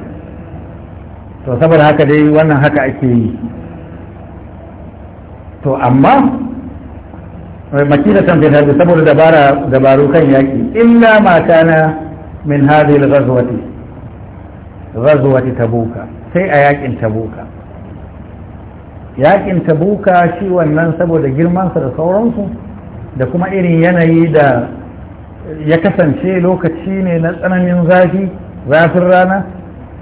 to saboda haka dai wannan haka ake yi to amma makina san fi harbi saboda dabara dabaru kan yaki illa ma kana min hadhihi al-ghazwati ghazwati tabuka sai a yakin tabuka yakin tabuka shi wannan saboda girmansa da sauransu da kuma irin yanayi da ya kasance lokaci ne na tsananin zafi zafin rana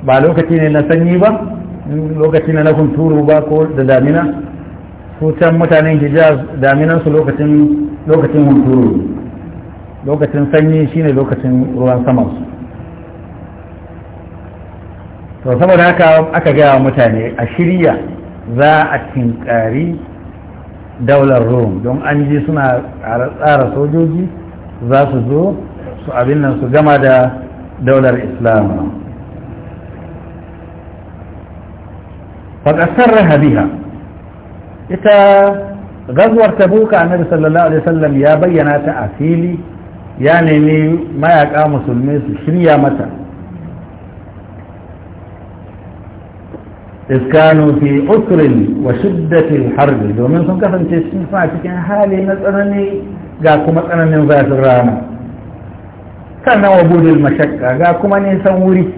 ba lokaci ne na sanyi ba lokaci ne na kunturu ba ko da damina hutan mutanen hijaz daminansu lokacin lokacin hunturu lokacin sanyi shine lokacin ruwan samansu. su to saboda haka aka gaya mutane a shirya za a tinkari daular rom don an ji suna tsara sojoji za su zo su abin nan su gama da daular islam faƙasar biha ita gazuwar tabuka annabi sallallahu alaihi wasallam ya bayyana ta a fili ya nemi mayaka musulmi su shirya mata iskanu fi usrin wa shiddatil harbi domin sun kasance suna cikin hali na tsanani ga kuma tsananin zafin rana sannan wa budul mashakka ga kuma nisan wuri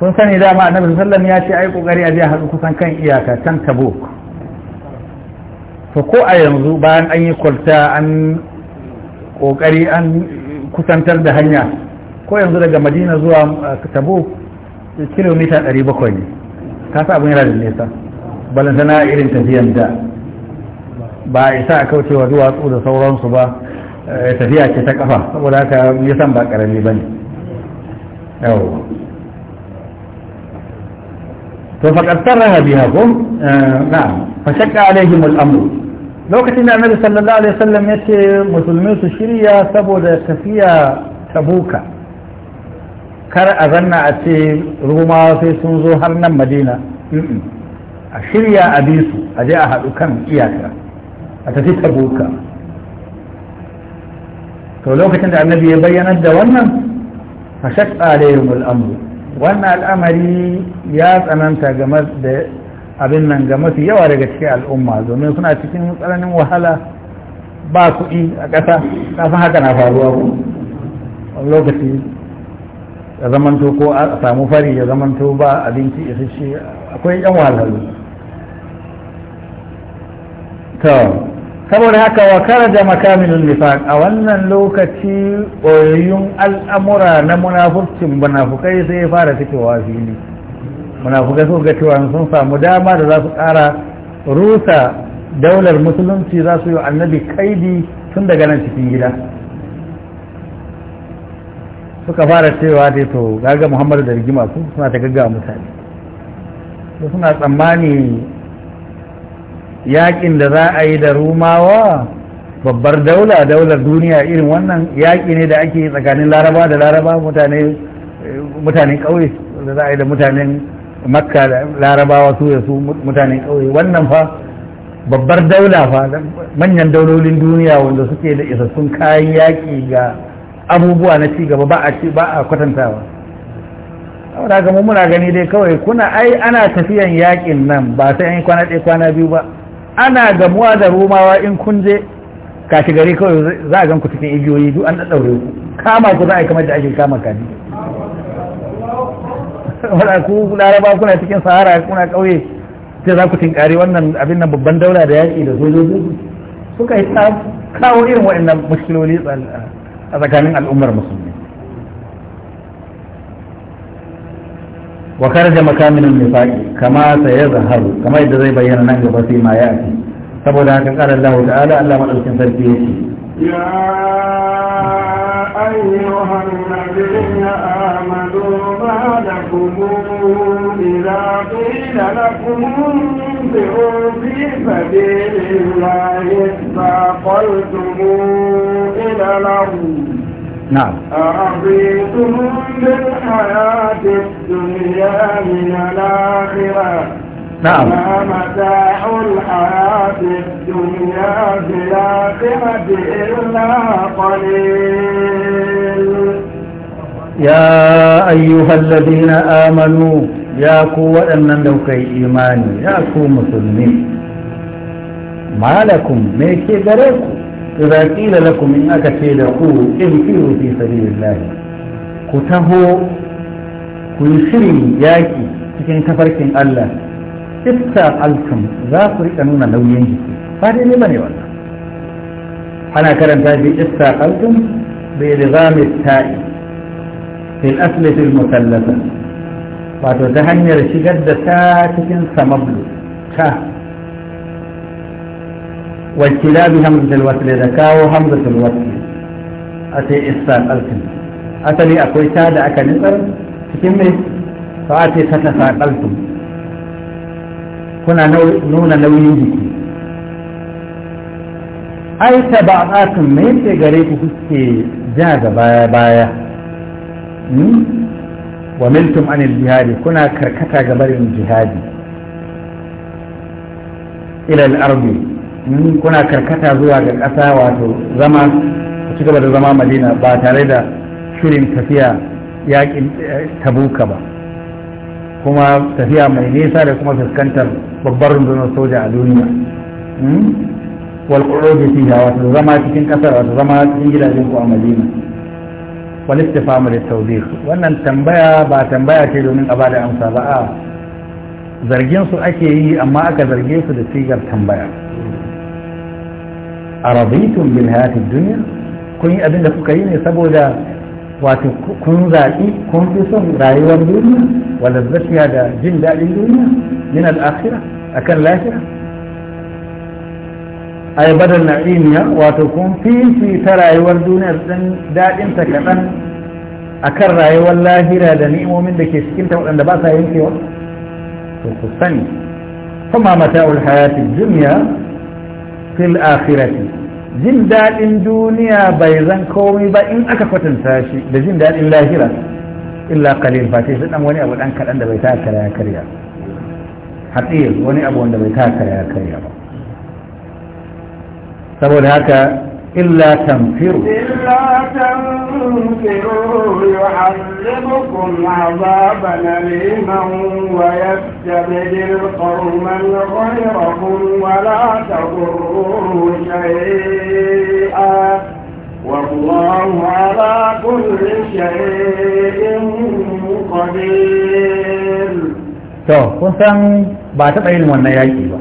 kun sani dama annabi sallan ya ce ai kokari a je haɗu kusan kan iyaka can tabuk to ko a yanzu bayan an yi kwalta an kokari an kusantar da hanya ko yanzu daga madina zuwa eh, tabuk kilomita 700 ne ka sa abin yana da nesa balantana irin tafiyan da ba a isa a kaucewa duwatsu da sauransu ba eh, tafiya ce ta kafa saboda haka nisan ba karami ba ne فقد اضطرها بهم آه، نعم فشك عليهم الامر لو كنت النبي صلى الله عليه وسلم يتي مسلمين تشريا سبود كفيا تبوكا كر اظن اتي رغم في سنزو هرنا مدينة اشريا ابيسو اجي احد كم اياك اتتي تبوكا فلو كنت النبي يبين الدوانا فشك عليهم الامر wannan al'amari ya tsananta game da abin nan ga mafi yawa daga cikin al'umma domin suna cikin tsananin wahala ba kuɗi a ƙasa san haka na faruwa ku lokaci ya zamanto ko a samu fari ya zamanto ba abinci isasshe akwai yan wahalhalu saboda haka wa da makamin nifaq a wannan lokaci boyayyun al'amura na munafurcin munafukai sai ya fara fitowa fili munafukai su ga cewa sun samu dama da za su ƙara rusa daular musulunci za su yi annabi kaidi tun daga nan cikin gida suka fara cewa dai to gaga muhammadu da rigima su suna ta gaggawa mutane suna tsammani yakin da za a yi da rumawa babbar daula daular duniya irin wannan yaƙi ne da ake tsakanin laraba da laraba mutane mutanen ƙauye da za a yi da mutanen makka da larabawa su da su mutanen ƙauye wannan fa babbar daula fa manyan daulolin duniya wanda suke da isassun kayan yaƙi ga abubuwa na ci gaba ba a ci ba a kwatantawa A haka mu muna gani dai kawai kuna ai ana tafiyan yaƙin nan ba sai an yi kwana ɗaya kwana biyu ba ana gamuwa da rumawa in kun je kashi gari kawai za a ganku cikin igiyoyi duk an ɗaɗɗaure ku kama ku za a yi kamar da ake kama kaji wadda ku laraba kuna cikin sahara kuna ƙauye sai za ku tinkari wannan abin nan babban daula da yaƙi da sojoji suka yi kawo irin waɗannan muskiloli a tsakanin al'ummar musulmi wa karja makamin nifaqi kama sayazharu kama yadda zai bayyana nan gaba sai ma ya saboda haka qala Allah ta'ala Allah madaukin sarki yake ya ayyuhan nabiyyu amanu ma lakum idza qila lakum انفروا في سبيل الله اثاقلتم الى الارض نعم أرضيتم بالحياة الدنيا من الآخرة نعم متاع الحياة الدنيا في الآخرة إلا قليل يا أيها الذين آمنوا يا قوة أن لو إيماني يا قوة مسلمين ما لكم ميكي دريكم idza qila lakum aka ce da ku in firu fi sabilillah ku taho ku shiri shirin yaki cikin tafarkin Allah iska alkum za ku rika nuna nauyin jiki ba dai ne bane wannan ana karanta bi iska alkum bi nizami fil musallasa wato ta hanyar shigar da ta cikin samablu ta wakila bi hamzatul wasl da kawo hamzatul wasl a sai istaqaltum asali akwai ta da aka nitsar cikin mai fa a ce kata saqaltum kuna nuna nauyin jiki ai ta ba'atun me yake gare ku kuke ja ga baya baya wa mintum jihadi kuna karkata ga barin jihadi ila al kuna karkata zuwa ga ƙasa wato zama ku ci da zama madina ba tare da shirin tafiya yakin eh, tabuka ba kuma tafiya mai nisa da kuma fuskantar babbar rundunar soja a duniya hmm? walƙuro da fiha wato zama cikin ƙasar wato zama cikin gidajen ku a madina wani istifhamu da saudi wannan tambaya ba tambaya ce domin a bada amsa ba a zargin su ake yi amma aka zarge su da tigar tambaya أرضيتم بالهات الدنيا كوني أبن لفكين يسبو ذا واتو كون ذاكي كون بسم رايوا الدنيا ولذتي هذا جن ذا الدنيا من الآخرة أكل الآخرة أي بدل نعيم يا واتو كون فين في ترى أيوا الدنيا ذا انت كمان أكر رايوا الآخرة ذا نئم ومن ذاك يسكين تقول أن بأسا ينكي وقت فما متاع الحياة الدنيا fil akhirati jin daɗin duniya bai zan komai ba in aka kwatanta shi da jin daɗin lahira illa qalil fa sai dan wani abu dan kadan da bai ta kara ya karya hatir wani abu wanda bai ya karya ba saboda haka إلا تنفروا إلا تنفروا يعذبكم عذابا أليما ويستبدل قوما غيركم ولا تضروه شيئا والله على كل شيء قدير to kun san ba taɓa yin wannan yaƙi ba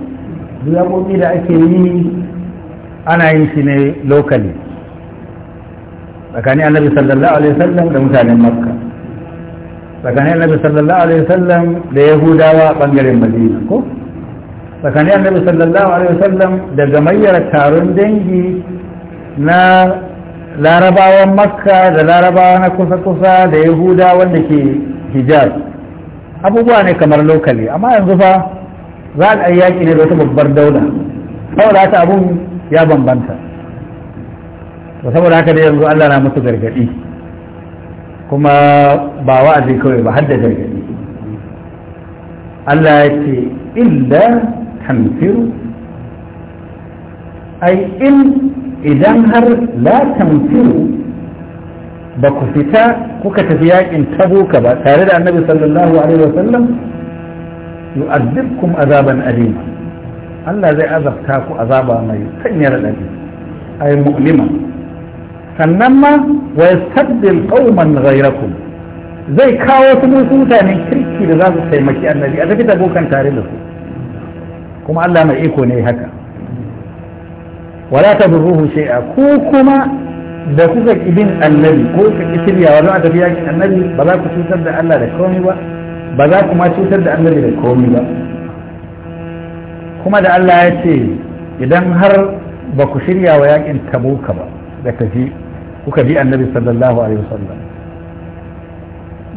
duk yaƙoƙi da ake yi ana yin shi ne lokali tsakanin annabi sallallahu alaihi wasallam da mutanen makka tsakanin annabi sallallahu alaihi wasallam da yahudawa bangaren madina ko tsakanin annabi sallallahu alaihi wasallam da gamayyar taron dangi na larabawan makka da larabawa na kusa-kusa da yahuda wanda ke hijab abubuwa ne kamar lokali amma yanzu fa za a yaki ne da wata babbar daula saboda ta abun ya bambanta to saboda haka dai yanzu Allah na musu gargadi kuma ba wa'azi kawai ba hadda gargadi Allah ya ce illa tamfiru ai in idan har la tamfiru ba ku fita kuka tafi yakin tabuka ba tare da annabi sallallahu alaihi wasallam yu'azzibkum azaban alima Allah zai azabta ku azaba mai sanya raɗaɗi ai mu'lima sannan ma wa sabbin qauman ghayrakum zai kawo su musu mutanen kirki da za su taimaki annabi a tafi bokan tare da su kuma Allah mai iko ne haka wala tadurruhu shay'a ku kuma da kuka kibin annabi ko kuka ki wa za a tafi annabi ba za ku cutar da Allah da komai ba ba za ku ma cutar da annabi da komai ba kuma da Allah ya ce idan har ba ku shirya wa yakin tabuka ba da tafi kuka bi annabi sallallahu alaihi wasallam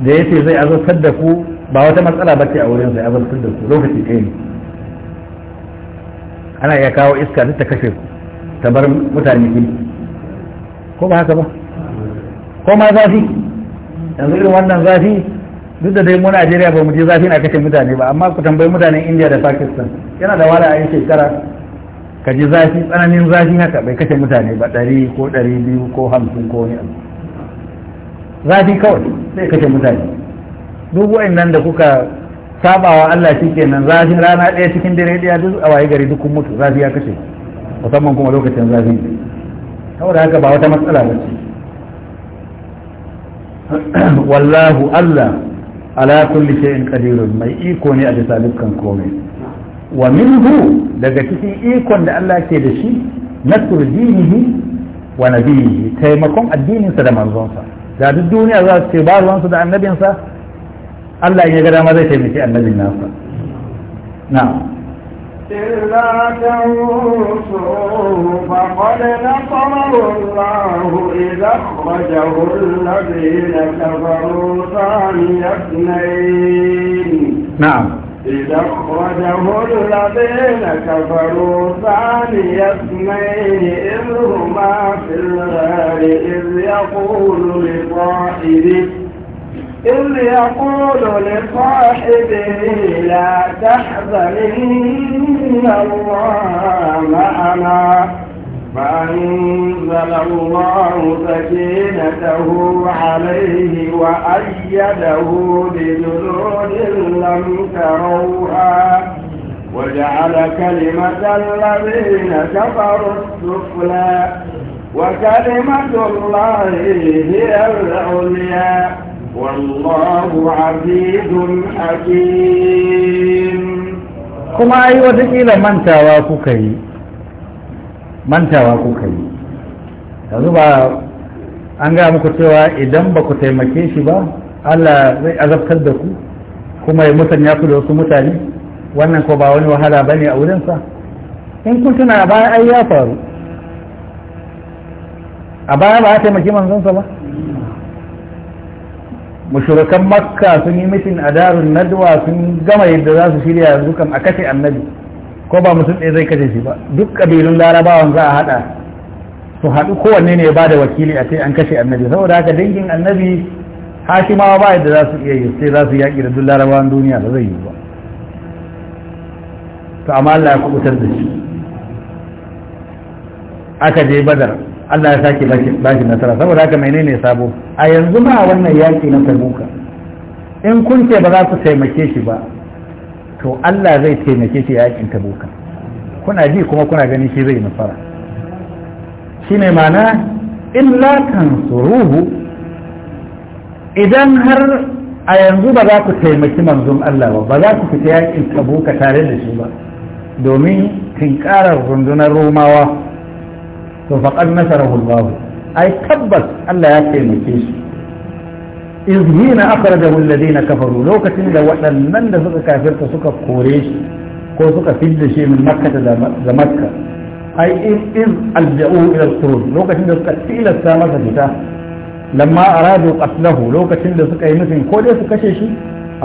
da ya ce zai azabtar da ku ba wata matsala ba ce a wurin zai azabtar da ku lokaci ɗaya ne ana iya kawo iska duk ta kashe ku ta bar mutane ki ko ba haka ba ko ma zafi yanzu irin wannan zafi duk da dai mu Najeriya ba mu je zafi na kashe mutane ba amma ku tambayi mutanen India da Pakistan yana da wala a yi shekara ka ji zafi tsananin zafi haka bai kashe mutane ba ɗari ko ɗari biyu ko hamsin ko wani zafi kawai sai kashe mutane duk wa'annan da kuka sabawa Allah shi kenan zafin rana ɗaya cikin dare ɗaya duk a waye gari duk kun mutu zafi ya kashe musamman kuma lokacin zafi saboda haka ba wata matsala ba ce wallahu Allah ala kulli shay'in qadirun mai iko ne a bisa dukkan komai wa minhu daga cikin ikon da Allah ke da shi nasr dinihi wa nabiyhi taimakon addininsa da manzonsa da duk duniya za su ce ba ruwansa da annabinsa Allah ya ga dama zai taimaki annabin nasa na'am إلا تنصروه فقد نصره الله إذا أخرجه الذين كفروا ثاني اثنين نعم إذا أخرجه الذين كفروا ثاني اثنين إذ هما في الغار إذ يقول لصاحبه إذ يقول لصاحبه لا تحزن إن الله معنا فأنزل الله سكينته عليه وأيده بجنود لم تروها وجعل كلمة الذين كفروا السفلى وكلمة الله هي العليا والله عزيز حكيم kuma ai watakila mantawa kuka yi mantawa kuka yi yanzu ba an gaya muku cewa idan ba ku taimake shi ba Allah zai azabtar da ku kuma ya musanya ku da wasu mutane wannan ko ba wani wahala ba ne a wurinsa in kun tuna a baya ai ya faru a baya ba a taimaki manzonsa ba mushrikan makka sun yi mitin a darun nadwa sun gama yadda za su shirya yanzu a kashe annabi ko ba mutum ɗaya zai kashe shi ba duk ƙabilun larabawan za a haɗa su haɗu kowanne ne ba da wakili a ce an kashe annabi saboda haka dangin annabi hashimawa ba yadda za su iya yi sai za su yaƙi da duk larabawan duniya ba zai yi ba to amma Allah ya kubutar da shi aka je badar Allah ya sake bashi nasara saboda haka menene sabo a yanzu ma wannan yaki na tabuka in kun ce ba za ku taimake shi ba to Allah zai taimake shi yakin tabuka kuna ji kuma kuna gani shi zai nasara shine ma'ana kan suruhu idan har a yanzu ba za ku taimaki manzon Allah ba ba za ku fita yakin tabuka tare da shi ba domin tinkarar rundunar romawa to faqad nasarahu Allah ay tabbas Allah ya taimake shi izhina akhrajahu alladhina kafaru lokacin da waɗannan da suka kafirta suka kore shi ko suka fidda shi min makka da makka ay in iz alja'u ila al-khurud lokacin da suka tilas ta masa fita lamma aradu qatlahu lokacin da suka yi nufin ko dai su kashe shi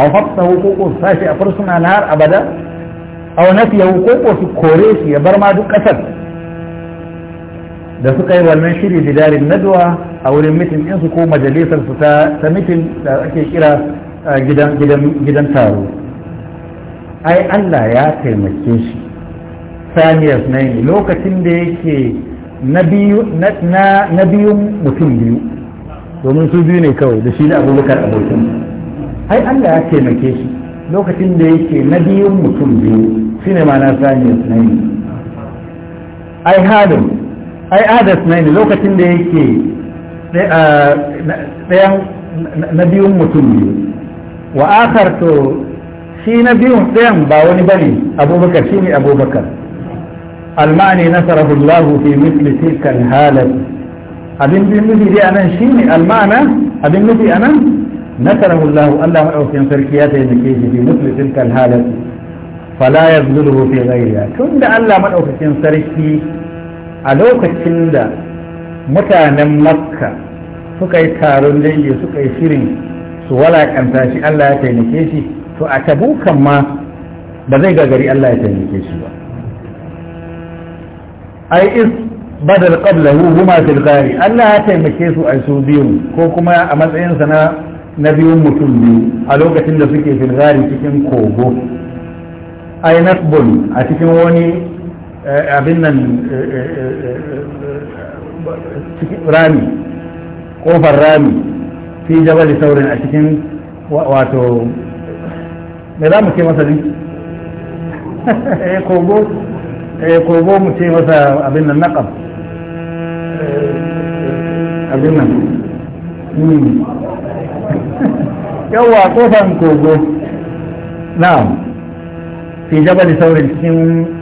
aw hafsahu ko sashi a fursuna na har abada aw nafiyahu ko ko su kore shi ya bar ma duk kasar da suka yi wannan shiri darin nadwa a wurin mitin ɗinsu ko majalisar su ta mitin da ake kira gidan taro ai Allah ya taimake shi saniyar na yi lokacin da yake na biyun mutum biyu domin su biyu ne kawai da shi na abubakar abokin ai Allah ya taimake shi lokacin da yake na biyun mutum biyu shi ne ma na saniyar na yi ai halin ai adas na ne lokacin da yake ɗayan na biyun mutum biyu wa akar to shi na biyun ɗayan ba wani ba ne, abubakar shi ne abubakar almani nasarahu allahu fi misli tilka alhalat abin bin nufi dai anan shi ne almana abin nufi nan nasarahu allahu allah maɗaukin sarki ya taimake shi fi misli tilka alhalat fala yazluhu fi tun da allah maɗaukakin sarki a lokacin da mutanen makka suka yi taron dangi suka yi shirin su walakanta shi Allah ya taimake shi to a tabukan ma ba zai gagari Allah ya taimake shi ba ai is badal qablahu huma fil ghari Allah ya taimake su a su biyu ko kuma a matsayin sa na na biyun mutum biyu a lokacin da suke fil cikin kogo ai nasbun a cikin wani abin nan rami kofar rami fi jabal saurin a cikin wato me za mu ce masa ne kogo kogo mu ce masa abin nan naƙam abin nan yawwa kofan kogo na'am fi jabal saurin cikin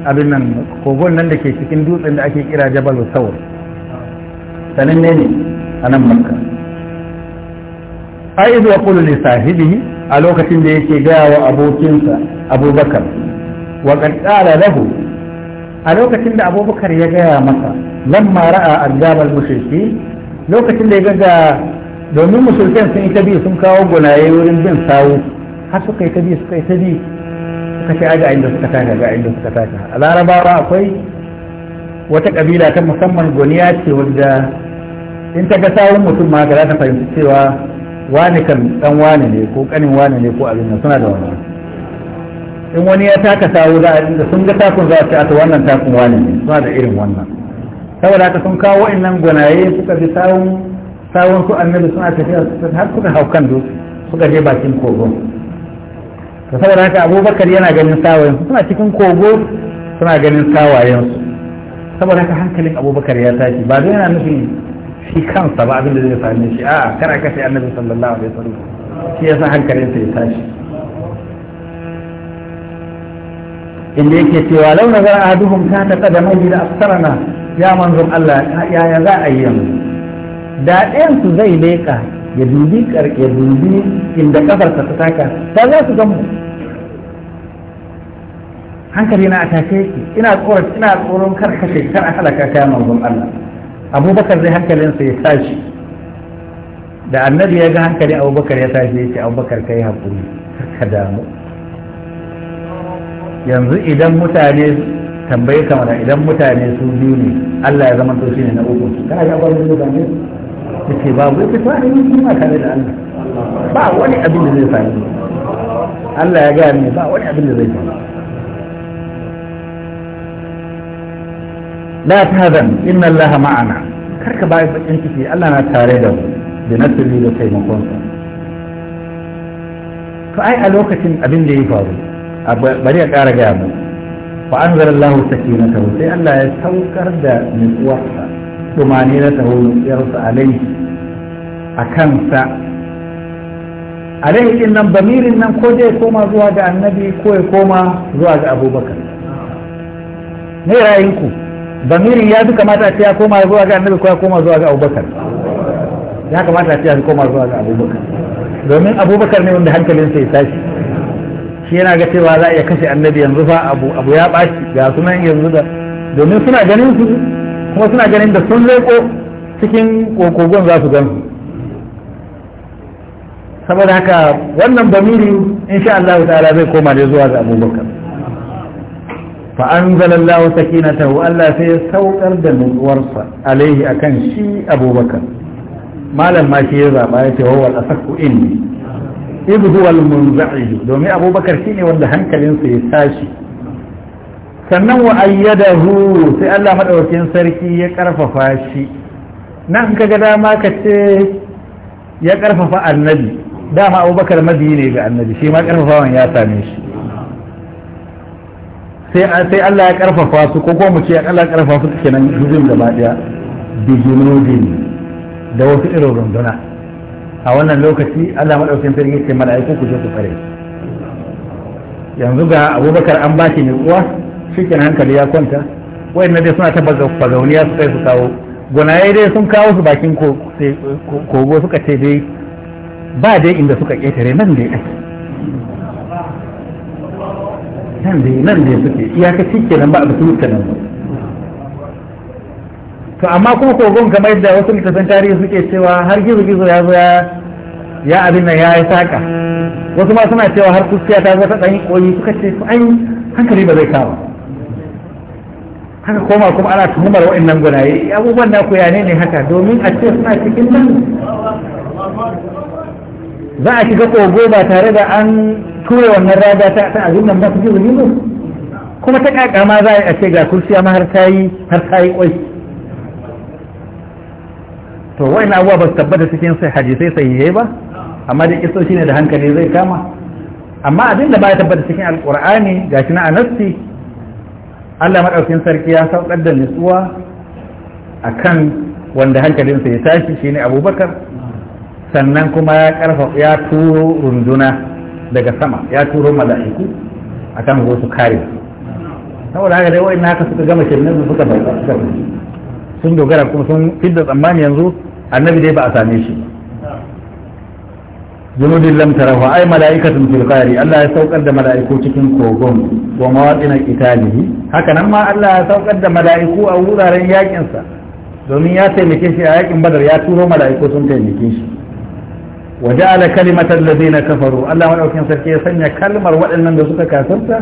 abin nan kogon nan da ke cikin dutsen da ake kira jabal saur sanin ne ne a nan makka aizu wa kullu ne sahibi a lokacin da yake gaya wa abokinsa abubakar wa qad qala lahu a lokacin da abubakar ya gaya masa lamma ra'a jabal mushriki lokacin da ya ga domin musulman sun yi ta biyu sun kawo gunaye wurin bin sawu har suka yi ta biyu suka yi ta biyu suka ce a inda suka tashi ga inda suka tashi a larabawa akwai wata kabila ta musamman goniya ce wadda in ta ga sawun mutum ma ga ta fahimci cewa wani kan dan wani ne ko kanin wani ne ko abin nan suna da wani in wani ya taka sawu za a da sun ga takun za a ce a wannan takun wani ne suna da irin wannan saboda haka sun kawo wa'annan gwanaye suka bi sawun sawun su annabi suna tafiya har suka hau kan dutse suka je bakin kogon da saboda haka abubakar yana ganin sawayensu suna cikin kogo suna ganin sawayensu saboda haka hankalin abubakar ya tashi ba zai yana nufin shi kansa ba abin da zai same shi a kar a kashe annabi sallallahu alaihi wasallam shi yasa hankalinsa ya tashi inda yake cewa launa zara ahaduhum ta ta kada mai da asarana ya manzon Allah ya za a yi yanzu da ɗayan su zai leƙa ya dubi ya dubi inda ƙafarsa ta taka ta za su gamu hankali na atake yake ina tsoron ina tsoron kar kar a halaka kayan manzon Allah abubakar zai hankalinsa ya tashi da annabi ya ga hankalin abubakar ya tashi ya ce abubakar kai haƙuri ka damu yanzu idan mutane tambaye kamar idan mutane su biyu ne Allah ya zama to shi ne na uku kana ga abubakar ne. suke babu ya fito da yi ma tare da Allah ba wani abin da zai faru Allah ya gaya ne ba wani abin da zai faru la tahzan inna Allah ma'ana karka bai bakin ciki Allah na tare da mu da nasiri da taimakon sa to ai a lokacin abin da ya faru bari ya ƙara gaya mu fa anzalallahu sakinatahu sai Allah ya saukar da nutsuwarsa tumani na taho nutsiyarsa alaihi a kansa alaihi din nan bamirin nan ko zai koma zuwa ga annabi ko ya koma zuwa ga abubakar ne ku bamirin ya fi kamata ce ya koma zuwa ga annabi ko ya koma zuwa ga abubakar ya kamata ce ya koma zuwa ga abubakar domin abubakar ne wanda hankalin ya tashi shi yana ga cewa za a iya kashe annabi yanzu fa abu abu ya ɓaci ga sunan yanzu da domin suna ganin su kuma suna ganin da sun leko cikin kogon za su gansu saboda haka wannan bamiri insha Allah ta'ala zai koma ne zuwa ga abubakar fa anzalallahu sakinatahu Allah sai ya saukar da nutsuwarsa alaihi akan shi abubakar malam ma shi ya zaba ya ce huwa al-asaqu inni idh huwa al domin abubakar shine wanda hankalinsa ya tashi sannan wa ayyadahu sai Allah madaukin sarki ya karfafa shi nan kaga dama ka ce ya karfafa annabi dama abubakar mabiyi ne ga annabi shi ma karfafawan ya same shi sai Allah ya karfafa su ko kuma mu ce Allah ya karfafa su kenan juzin gaba daya bijinodin da wasu irin runduna a wannan lokaci Allah madaukin sarki ce mala'iku ku je ku fare yanzu ga abubakar an ba shi ne uwa shikin hankali ya kwanta na dai suna ta bazauniya su kai su kawo gwanaye dai sun kawo su bakin kogo suka ce dai ba dai inda suka ƙetare nan dai ake nan dai nan dai suke cike nan ba a su wuce nan to amma kuma kogon kamar yadda wasu littattafan tarihi suke cewa har gizo gizo ya zo ya abin nan ya yi saka wasu ma suna cewa har kuskiya ta zo ta ɗan koyi suka ce an hankali ba zai kawo haka koma kuma ana tuhumar wa'annan gunaye abubuwan na kuya ne haka domin a ce suna cikin nan za a shiga kogo ba tare da an ture wannan raga ta ta abin nan ba su ji kuma ta kaka ma za a ce ga kursiya ma har ta yi har ta yi kwai to wa'in abubuwa ba su tabbata cikin sai hadisai sahihai ba amma da kiso shine da hankali zai kama amma abin da ba ya tabbata cikin alkur'ani gashi na anasti Allah maɗaukin sarki ya saukar da nutsuwa a kan wanda hankalinsa ya tashi ne abubakar sannan kuma ya karfafa ya turo runduna daga sama ya turo mala'iku a kan zo su kare saboda haka dai na haka suka gama shirin su suka bai sun dogara kuma sun fidda tsammani yanzu annabi dai ba a same shi Zunudin lam tarahu ay mala'ikatun fil qari Allah ya saukar da mala'iku cikin kogon wa mawaqina qitalihi haka nan ma Allah ya saukar da mala'iku a wuraren yakin sa domin ya taimake shi a yakin badar ya turo mala'iku sun taimake shi wa ja'ala kalimatal ladina kafaru Allah madaukin sarki ya sanya kalmar waɗannan da suka kasarsa.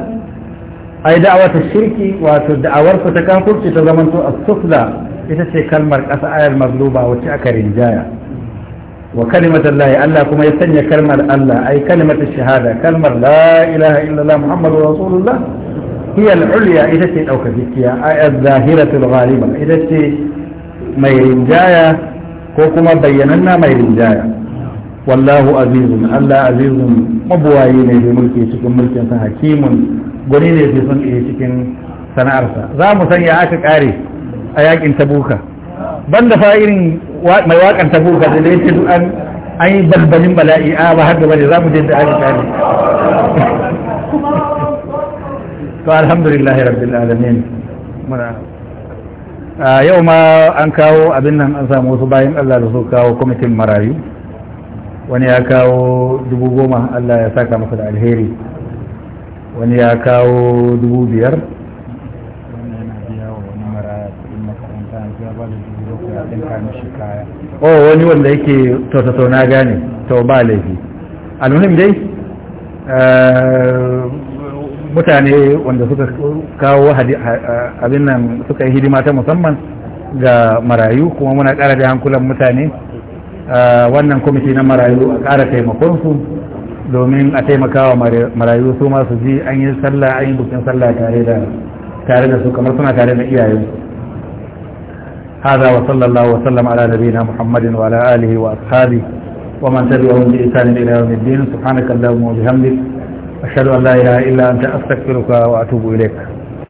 ai da'awata shirki wato da'awar ta kafirci ta zamanto as-sufla ita ce kalmar ƙasa ayar mazluba wacce aka rinjaya wa kalimatar lahi Allah kuma ya sanya kalmar Allah ai kalimatar shahada kalmar la ilaha illallah muhammadu rasulullah hiya al-ulya ita ce daukakkiya ai az-zahiratul ghaliba ita ce mai rinjaya ko kuma bayyananna mai rinjaya wallahu azizun Allah azizun mabuwayi ne da mulki cikin mulkin sa hakimun gwani ne da sun cikin sana'arsa za mu sanya aka kare a yakin ta buka. banda fa irin mai wakan ta buga da yake duk an an yi balbalin bala'i a ba har gaba za mu je da aka tsari to alhamdulillah rabbil alamin yau ma an kawo abin nan an samu wasu bayan Allah da su kawo kwamitin marayu wani ya kawo dubu goma Allah ya saka masa da alheri wani ya kawo dubu biyar oh wani wanda yake to na gane to ba laifi almuhim dai eh, mutane wanda suka kawo eh, abin nan suka yi hidima ta musamman ga marayu kuma muna kara da hankulan mutane eh, wannan kwamiti na marayu a kara taimakonsu domin a taimakawa marayu su masu ji an yi sallah an yi bukin sallah tare da su kamar suna tare da iyayensu هذا وصلى الله وسلم على نبينا محمد وعلى آله وأصحابه ومن تبعهم بإنسان إلى يوم الدين سبحانك اللهم وبحمدك أشهد أن لا إله إلا أنت أستغفرك وأتوب إليك